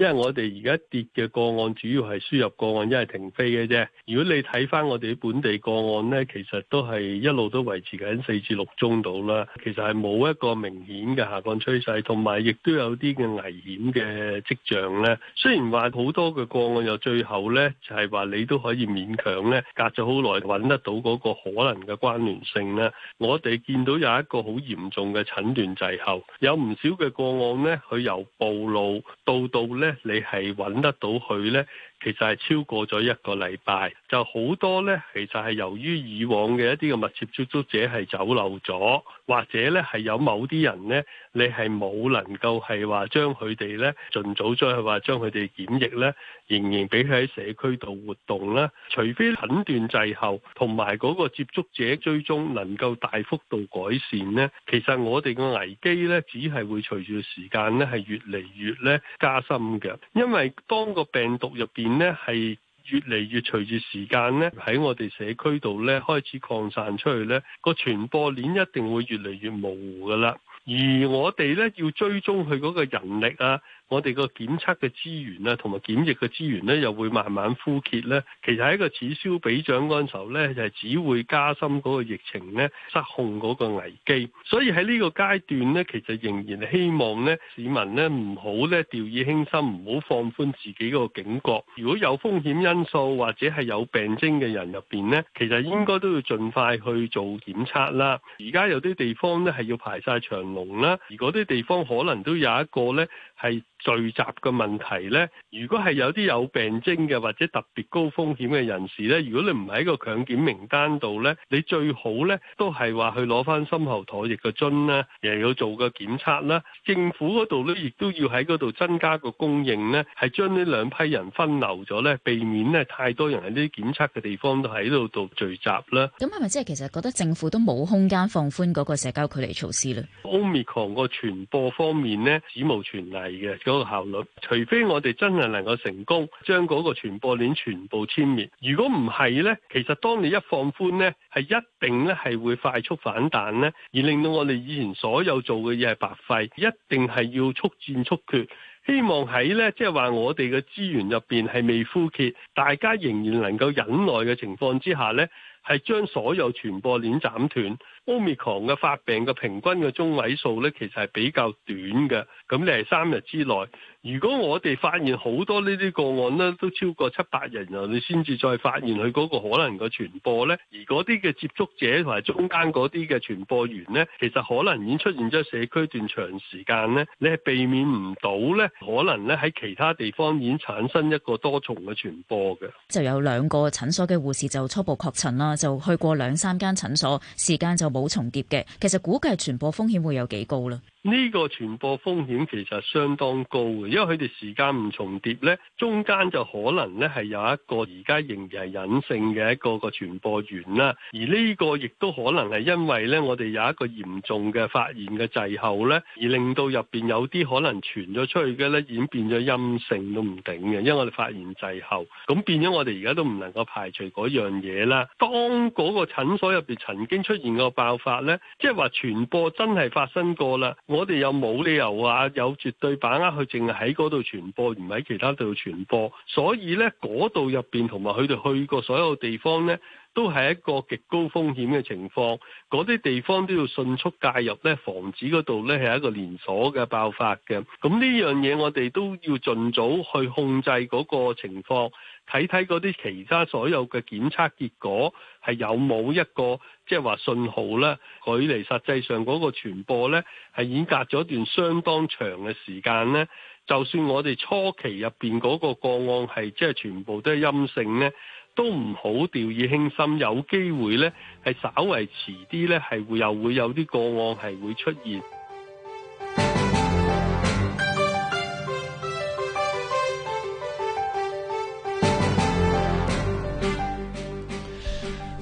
因為我哋而家跌嘅個案主要係輸入個案，一係停飛嘅啫。如果你睇翻我哋本地個案呢，其實都係一路都維持緊四至六宗度啦。其實係冇一個明顯嘅下降趨勢，同埋亦都有啲嘅危險嘅跡象呢。雖然話好多嘅個案又最後呢就係話你都可以勉強呢，隔咗好耐揾得到嗰個可能嘅關聯性咧。我哋見到有一個好嚴重嘅診斷滯後，有唔少嘅個案呢，佢由暴露到到呢。你係揾得到佢咧？其實係超過咗一個禮拜，就好多呢。其實係由於以往嘅一啲嘅密切接觸者係走漏咗，或者呢係有某啲人呢，你係冇能夠係話將佢哋呢，盡早再話將佢哋檢疫呢，仍然俾佢喺社區度活動啦。除非診斷滯後，同埋嗰個接觸者追蹤能夠大幅度改善呢。其實我哋嘅危機呢，只係會隨住時間呢，係越嚟越呢加深嘅。因為當個病毒入邊，咧，係越嚟越隨住時間咧喺我哋社區度咧開始擴散出去咧，個傳播鏈一定會越嚟越模糊噶啦，而我哋咧要追蹤佢嗰個人力啊。我哋個檢測嘅資源啊，同埋檢疫嘅資源咧，又會慢慢枯竭咧。其實喺一個此消彼長嗰陣時候咧，就係只會加深嗰個疫情咧失控嗰個危機。所以喺呢個階段咧，其實仍然希望咧市民咧唔好咧掉以輕心，唔好放寬自己個警覺。如果有風險因素或者係有病徵嘅人入面咧，其實應該都要盡快去做檢測啦。而家有啲地方咧係要排晒長龍啦，而嗰啲地方可能都有一個咧係聚集嘅問題呢，如果係有啲有病徵嘅或者特別高風險嘅人士呢，如果你唔喺個強檢名單度呢，你最好呢都係話去攞翻深喉唾液嘅樽啦，又要做個檢測啦。政府嗰度呢亦都要喺嗰度增加個供應呢，係將呢兩批人分流咗呢，避免呢太多人喺啲檢測嘅地方都喺度度聚集啦。咁係咪即係其實覺得政府都冇空間放寬嗰個社交距離措施咧？Omicron 個傳播方面呢，史無前例嘅。嗰個效率，除非我哋真係能夠成功將嗰個傳播鏈全部殲滅。如果唔係呢，其實當你一放寬呢，係一定呢係會快速反彈呢，而令到我哋以前所有做嘅嘢係白費。一定係要速戰速決，希望喺呢，即係話我哋嘅資源入邊係未枯竭，大家仍然能夠忍耐嘅情況之下呢，係將所有傳播鏈斬斷。奧密克嘅發病嘅平均嘅中位數咧，其實係比較短嘅。咁你係三日之內。如果我哋發現好多呢啲個案咧，都超過七百人啊，你先至再發現佢嗰個可能嘅傳播咧。而嗰啲嘅接觸者同埋中間嗰啲嘅傳播源咧，其實可能已經出現咗社區一段長時間咧，你係避免唔到咧，可能咧喺其他地方已經產生一個多重嘅傳播嘅。就有兩個診所嘅護士就初步確診啦，就去過兩三間診所，時間就。冇重疊嘅，其實估計傳播風險會有幾高啦。呢個傳播風險其實相當高嘅，因為佢哋時間唔重疊呢，中間就可能咧係有一個而家仍然係隱性嘅一個個傳播源啦。而呢個亦都可能係因為呢，我哋有一個嚴重嘅發現嘅滯後呢，而令到入邊有啲可能傳咗出去嘅呢，已經變咗陰性都唔定嘅，因為我哋發現滯後，咁變咗我哋而家都唔能夠排除嗰樣嘢啦。當嗰個診所入邊曾經出現過個爆發呢，即係話傳播真係發生過啦。我哋又冇理由話、啊、有絕對把握佢淨係喺嗰度傳播，唔喺其他度傳播。所以呢，嗰度入邊同埋佢哋去過所有地方呢，都係一個極高風險嘅情況。嗰啲地方都要迅速介入，呢防止嗰度呢係一個連鎖嘅爆發嘅。咁呢樣嘢我哋都要盡早去控制嗰個情況。睇睇嗰啲其他所有嘅檢測結果係有冇一個即係話信號咧，佢離實際上嗰個傳播咧係已經隔咗一段相當長嘅時間咧。就算我哋初期入邊嗰個個案係即係全部都係陰性咧，都唔好掉以輕心，有機會咧係稍為遲啲咧係會又會有啲個案係會出現。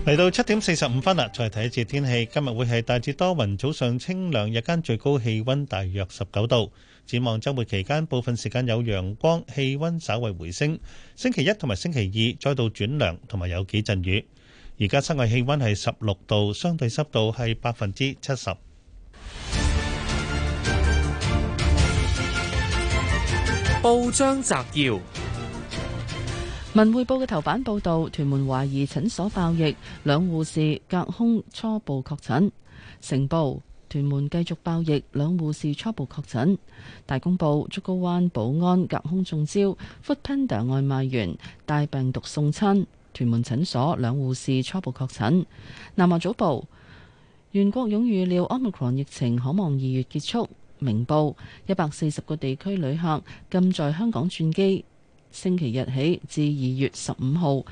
嚟到七點四十五分啦，再睇一次天氣。今日會係大致多雲，早上清涼，日間最高氣溫大約十九度。展望周末期間，部分時間有陽光，氣溫稍為回升。星期一同埋星期二再度轉涼，同埋有幾陣雨。而家室外氣溫係十六度，相對濕度係百分之七十。報章摘要。文匯報嘅頭版報道，屯門懷疑診所爆疫，兩護士隔空初步確診。成報，屯門繼續爆疫，兩護士初步確診。大公報，竹篙灣保安隔空中招，Foodpanda 外賣員帶病毒送餐，屯門診所兩護士初步確診。南華早報，袁國勇預料 Omicron 疫情可望二月結束。明報，一百四十個地區旅客禁在香港轉機。星期日起至二月十五號，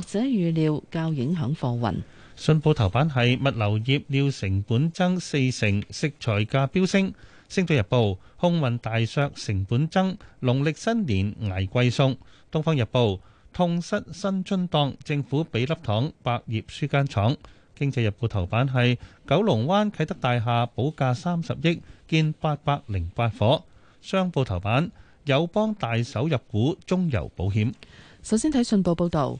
學者預料較影響貨運。信報頭版係物流業料成本增四成，食材價飆升。星島日報：空運大削成本增，農曆新年捱貴送。東方日報：痛失新春檔，政府俾粒糖，百業輸間廠。經濟日報頭版係九龍灣啟德大廈補價三十億，建八百零八伙。商報頭版，友邦大手入股中郵保險。首先睇信報報道，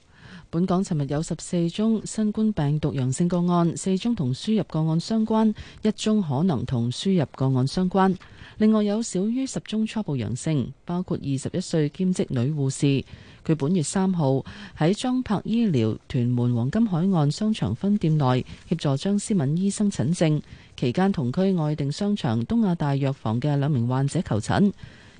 本港尋日有十四宗新冠病毒陽性個案，四宗同輸入個案相關，一宗可能同輸入個案相關。另外有少於十宗初步陽性，包括二十一歲兼職女護士。佢本月三號喺莊柏醫療屯門黃金海岸商場分店內協助張思敏醫生診症，期間同區愛定商場東亞大藥房嘅兩名患者求診。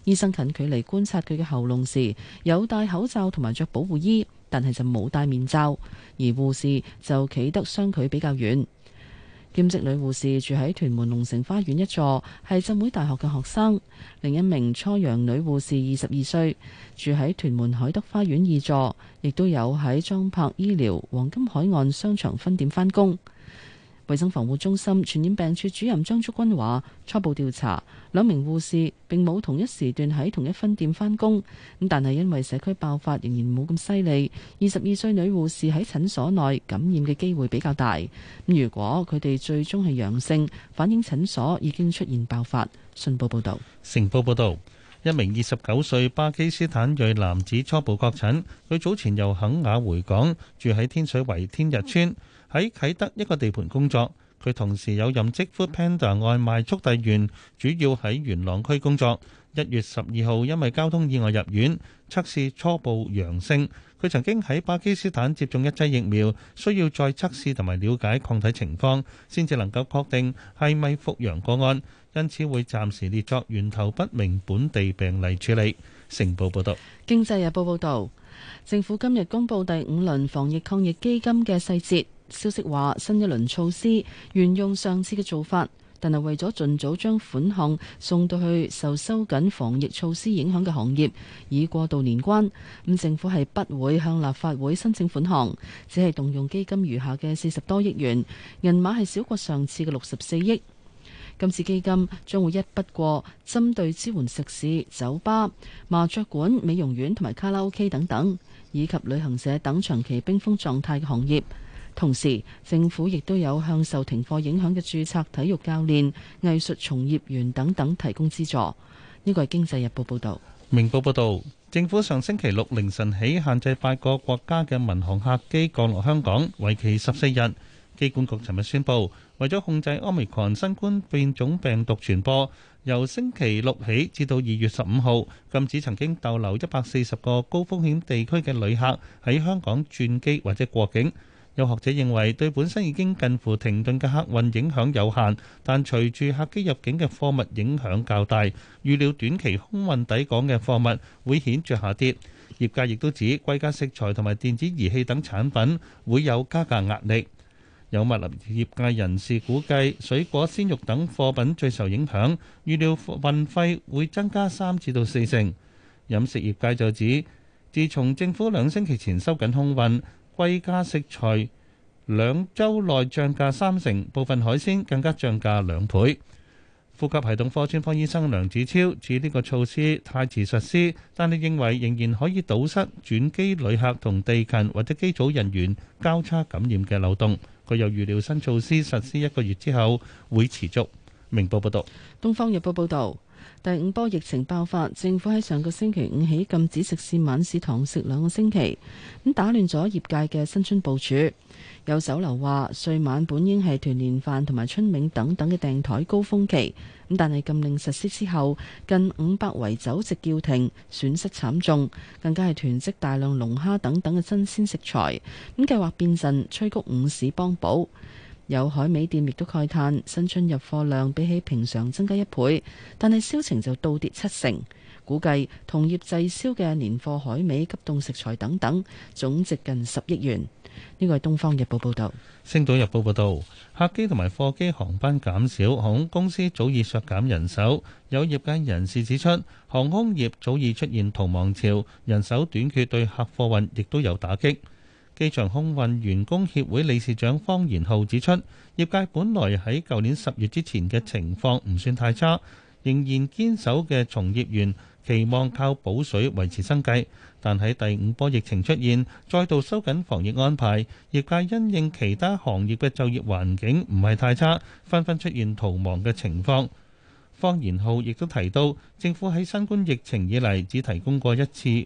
醫生近距離觀察佢嘅喉嚨時，有戴口罩同埋着保護衣，但係就冇戴面罩。而護士就企得相距比較遠。兼職女護士住喺屯門龍城花園一座，係浸會大學嘅學生。另一名初陽女護士，二十二歲，住喺屯門海德花園二座，亦都有喺莊柏醫療黃金海岸商場分店返工。衛生防護中心傳染病處主任張竹君話：初步調查，兩名護士並冇同一時段喺同一分店返工，咁但係因為社區爆發仍然冇咁犀利，二十二歲女護士喺診所內感染嘅機會比較大。咁如果佢哋最終係陽性，反映診所已經出現爆發。信報報道，成報報道，一名二十九歲巴基斯坦裔男子初步確診，佢早前由肯雅回港，住喺天水圍天日村。喺啟德一個地盤工作，佢同時有任職 Food Panda 外賣速遞員，主要喺元朗區工作。一月十二號因為交通意外入院，測試初步陽性。佢曾經喺巴基斯坦接種一劑疫苗，需要再測試同埋了解抗體情況，先至能夠確定係咪復陽個案，因此會暫時列作源頭不明本地病例處理。成報報導，《經濟日報》報導，政府今日公布第五輪防疫抗疫基金嘅細節。消息話，新一輪措施沿用上次嘅做法，但係為咗盡早將款項送到去受收緊防疫措施影響嘅行業，已過渡年關。政府係不會向立法會申請款項，只係動用基金餘下嘅四十多億元，人馬係少過上次嘅六十四億。今次基金將會一筆過，針對支援食肆、酒吧、麻雀館、美容院同埋卡拉 OK 等等，以及旅行社等長期冰封狀態嘅行業。同時政府亦都有向受停課影響嘅註冊體育教練藝術從業員等等提供資助。呢個係經濟日報報道。明報報道，政府上星期六凌晨起限制八個國家嘅民航客機降落香港，為期十四日。機管局尋日宣布，為咗控制 Omicron 新冠變種病毒傳播，由星期六起至到二月十五號禁止曾經逗留一百四十個高風險地區嘅旅客喺香港轉機或者過境。有學者認為對本身已經近乎停頓嘅客運影響有限，但隨住客機入境嘅貨物影響較大，預料短期空運抵港嘅貨物會顯著下跌。業界亦都指貴價食材同埋電子儀器等產品會有加價壓力。有物流業界人士估計，水果、鮮肉等貨品最受影響，預料運費會增加三至到四成。飲食業界就指，自從政府兩星期前收緊空運。貴價食材兩週內漲價三成，部分海鮮更加漲價兩倍。呼吸系統科專科醫生梁子超指呢個措施太遲實施，但你認為仍然可以堵塞轉機旅客同地勤或者機組人員交叉感染嘅漏洞。佢又預料新措施實施一個月之後會持續。明報報道。東方日報報導。第五波疫情爆發，政府喺上個星期五起禁止食肆晚市堂食兩個星期，咁打亂咗業界嘅新春部署。有酒樓話，歲晚本應係團年飯同埋春茗等等嘅訂台高峰期，咁但係禁令實施之後，近五百圍酒席叫停，損失慘重，更加係囤積大量龍蝦等等嘅新鮮食材，咁計劃變陣，催谷午市幫補。有海味店亦都慨嘆，新春入貨量比起平常增加一倍，但係銷情就倒跌七成。估計同業滯銷嘅年貨海味、急凍食材等等，總值近十億元。呢個係《東方日報》報導，《星島日報》報導，客機同埋貨機航班減少，航空公司早已削減人手。有業界人士指出，航空業早已出現逃亡潮，人手短缺對客貨運亦都有打擊。機場空運員工協會理事長方延浩指出，業界本來喺舊年十月之前嘅情況唔算太差，仍然堅守嘅從業員期望靠補水維持生計，但喺第五波疫情出現，再度收緊防疫安排，業界因應其他行業嘅就業環境唔係太差，紛紛出現逃亡嘅情況。方延浩亦都提到，政府喺新冠疫情以嚟只提供過一次。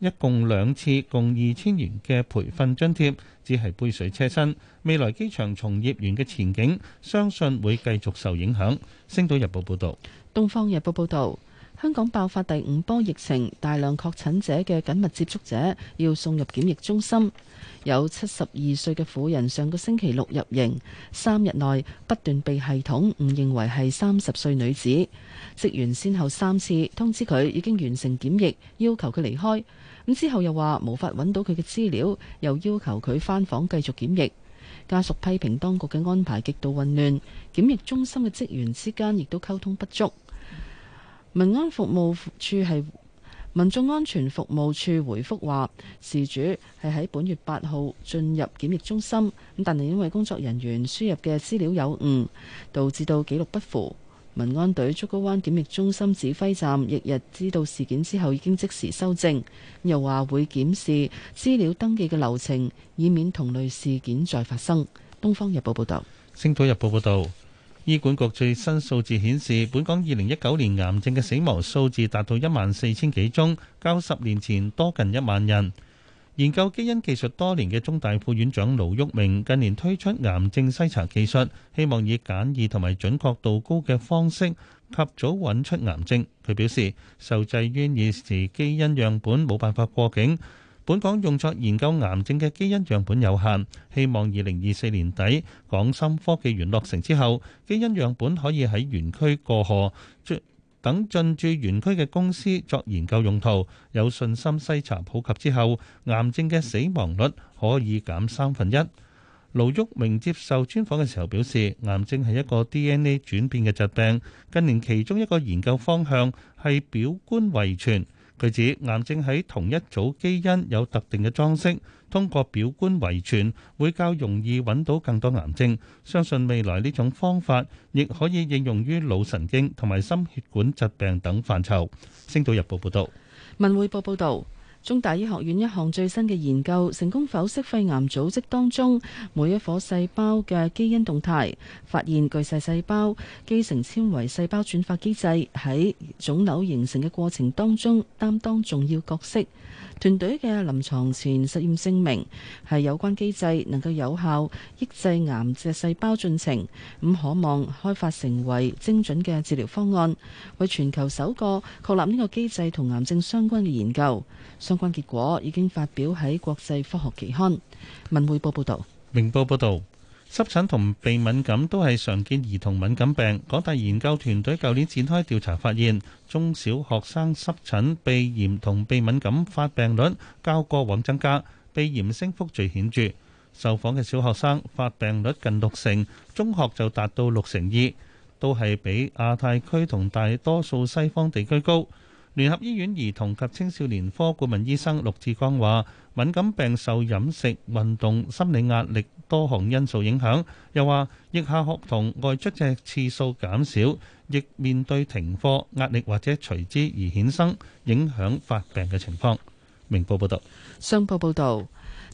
一共兩次，共二千元嘅培訓津貼，只係杯水車薪。未來機場從業員嘅前景，相信會繼續受影響。星島日報報道，東方日報報道，香港爆發第五波疫情，大量確診者嘅緊密接觸者要送入檢疫中心。有七十二歲嘅婦人上個星期六入營，三日內不斷被系統誤認為係三十歲女子，職員先後三次通知佢已經完成檢疫，要求佢離開。咁之後又話無法揾到佢嘅資料，又要求佢返房繼續檢疫。家屬批評當局嘅安排極度混亂，檢疫中心嘅職員之間亦都溝通不足。民安服務處，係民眾安全服務處回覆話，事主係喺本月八號進入檢疫中心，咁但係因為工作人員輸入嘅資料有誤，導致到記錄不符。民安隊竹篙灣檢疫中心指揮站翌日知道事件之後，已經即時修正，又話會檢視資料登記嘅流程，以免同類事件再發生。東方日報報道、星島日報報道，醫管局最新數字顯示，本港二零一九年癌症嘅死亡數字達到一萬四千幾宗，較十年前多近一萬人。研究基因技術多年嘅中大副院長盧旭明近年推出癌症篩查技術，希望以簡易同埋準確度高嘅方式及早揾出癌症。佢表示，受制於現時基因樣本冇辦法過境，本港用作研究癌症嘅基因樣本有限。希望二零二四年底港深科技園落成之後，基因樣本可以喺園區過河。等進駐園區嘅公司作研究用途，有信心篩查普及之後，癌症嘅死亡率可以減三分一。盧旭明接受專訪嘅時候表示，癌症係一個 DNA 轉變嘅疾病，近年其中一個研究方向係表觀遺傳，佢指癌症喺同一組基因有特定嘅裝飾。通過表觀遺傳會較容易揾到更多癌症，相信未來呢種方法亦可以應用於腦神經同埋心血管疾病等範疇。星島日報報道。文匯報報道。中大醫學院一項最新嘅研究成功剖析肺癌組織當中每一顆細胞嘅基因動態，發現巨細細胞基成纖維細胞轉化機制喺腫瘤形成嘅過程當中擔當重要角色。團隊嘅臨床前實驗證明係有關機制能夠有效抑制癌細胞進程，咁可望開發成為精準嘅治療方案，為全球首個確立呢個機制同癌症相關嘅研究。相關結果已經發表喺《國際科學期刊》。文匯報報道。明報報道，濕疹同鼻敏感都係常見兒童敏感病。港大研究團隊舊年展開調查，發現中小學生濕疹、鼻炎同鼻敏感發病率較過往增加，鼻炎升幅最顯著。受訪嘅小學生發病率近六成，中學就達到六成二，都係比亞太區同大多數西方地區高。聯合醫院兒童及青少年科顧問醫生陸志光話：敏感病受飲食、運動、心理壓力多項因素影響。又話，疫下學童外出嘅次數減少，亦面對停課壓力或者隨之而衍生影響發病嘅情況。明報報道。商報報道。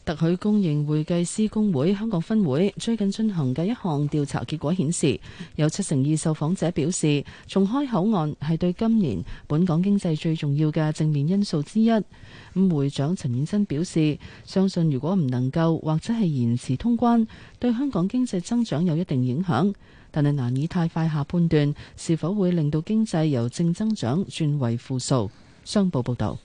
特許公認會計師公會香港分會最近進行嘅一項調查結果顯示，有七成二受訪者表示，重開口岸係對今年本港經濟最重要嘅正面因素之一。咁會長陳勉真表示，相信如果唔能夠或者係延遲通關，對香港經濟增長有一定影響，但係難以太快下判斷是否會令到經濟由正增長轉為負數。商報報導。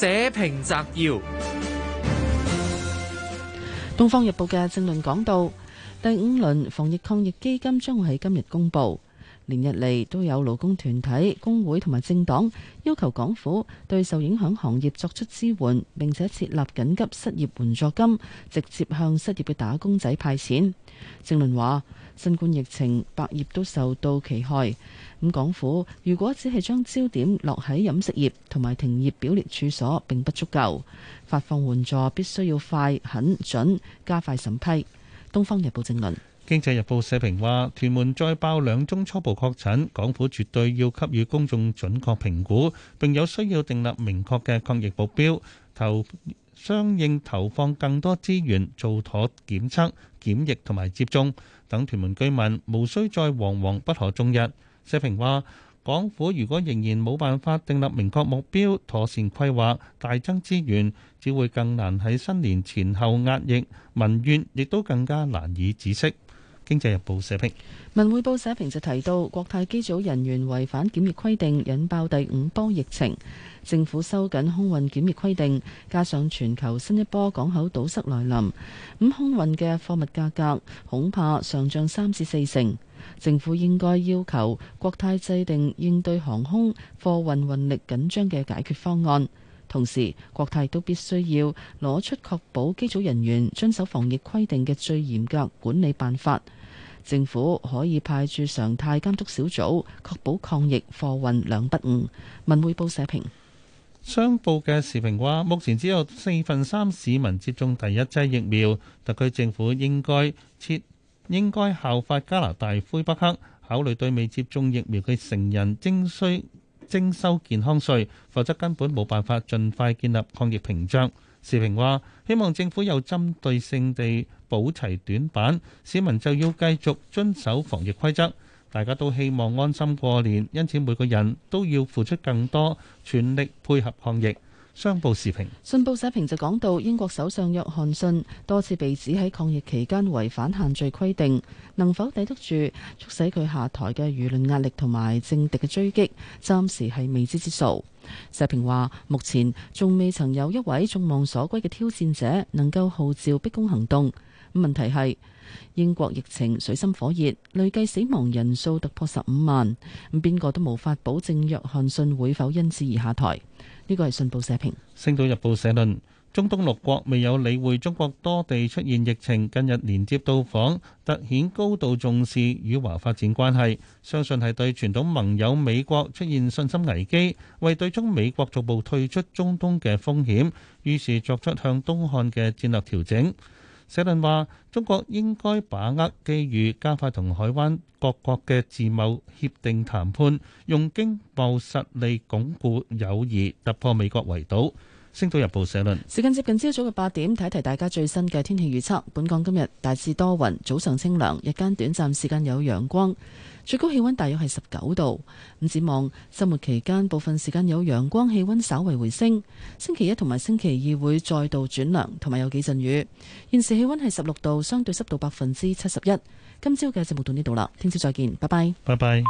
社評摘要。《東方日報》嘅政論講到，第五輪防疫抗疫基金將會喺今日公布。連日嚟都有勞工團體、工會同埋政黨要求港府對受影響行業作出支援，並且設立緊急失業援助金，直接向失業嘅打工仔派錢。政論話，新冠疫情百業都受到其害。咁，港府如果只係將焦點落喺飲食業同埋停業表列處所，並不足夠。發放援助必須要快、狠、準，加快審批。《東方日報》正論。《經濟日報》社評話：屯門再爆兩宗初步確診，港府絕對要給予公眾準確評估，並有需要訂立明確嘅抗疫目標，投相應投放更多資源做妥檢測、檢疫同埋接種，等屯門居民無需再惶惶不可終日。社評話，港府如果仍然冇辦法訂立明確目標、妥善規劃、大增資源，只會更難喺新年前後壓抑。民怨亦都更加難以止息。經濟日報社評，文匯報社評就提到，國泰機組人員違反檢疫規定，引爆第五波疫情，政府收緊空運檢疫規定，加上全球新一波港口堵塞來臨，咁空運嘅貨物價格恐怕上漲三至四成。政府應該要求國泰制定應對航空貨運運力緊張嘅解決方案，同時國泰都必須要攞出確保機組人員遵守防疫規定嘅最嚴格管理辦法。政府可以派駐常態監督小組，確保抗疫貨運兩不誤。文匯報社評，商報嘅時評話，目前只有四分三市民接種第一劑疫苗，特區政府應該設。應該效法加拿大魁北克，考慮對未接種疫苗嘅成人徵需徵收健康稅，否則根本冇辦法盡快建立抗疫屏障。時評話：希望政府有針對性地補齊短板，市民就要繼續遵守防疫規則。大家都希望安心過年，因此每個人都要付出更多，全力配合抗疫。商報時評，信報社評就講到英國首相約翰遜多次被指喺抗疫期間違反限聚規定，能否抵得住促使佢下台嘅輿論壓力同埋政敵嘅追擊，暫時係未知之數。社評話，目前仲未曾有一位眾望所歸嘅挑戰者能夠號召逼宮行動。咁問題係英國疫情水深火熱，累計死亡人數突破十五萬，咁邊個都無法保證約翰遜會否因此而下台。呢個係信報社評，《星島日報》社論：中東六國未有理會中國多地出現疫情，近日連接到訪，突顯高度重視與華發展關係。相信係對傳統盟友美國出現信心危機，為對中美國逐步退出中東嘅風險，於是作出向東看嘅戰略調整。社論話：中國應該把握機遇，加快同海灣各國嘅自貿協定談判，用經貿實力鞏固友誼，突破美國圍堵。星島日報社論，時間接近朝早嘅八點，提一提大家最新嘅天氣預測。本港今日大致多雲，早上清涼，日間短暫時間有陽光，最高氣溫大約係十九度。咁展望週末期間部分時間有陽光，氣溫稍為回升。星期一同埋星期二會再度轉涼，同埋有，有幾陣雨。現時氣溫係十六度，相對濕度百分之七十一。今朝嘅節目到呢度啦，聽朝再見，拜拜，拜拜。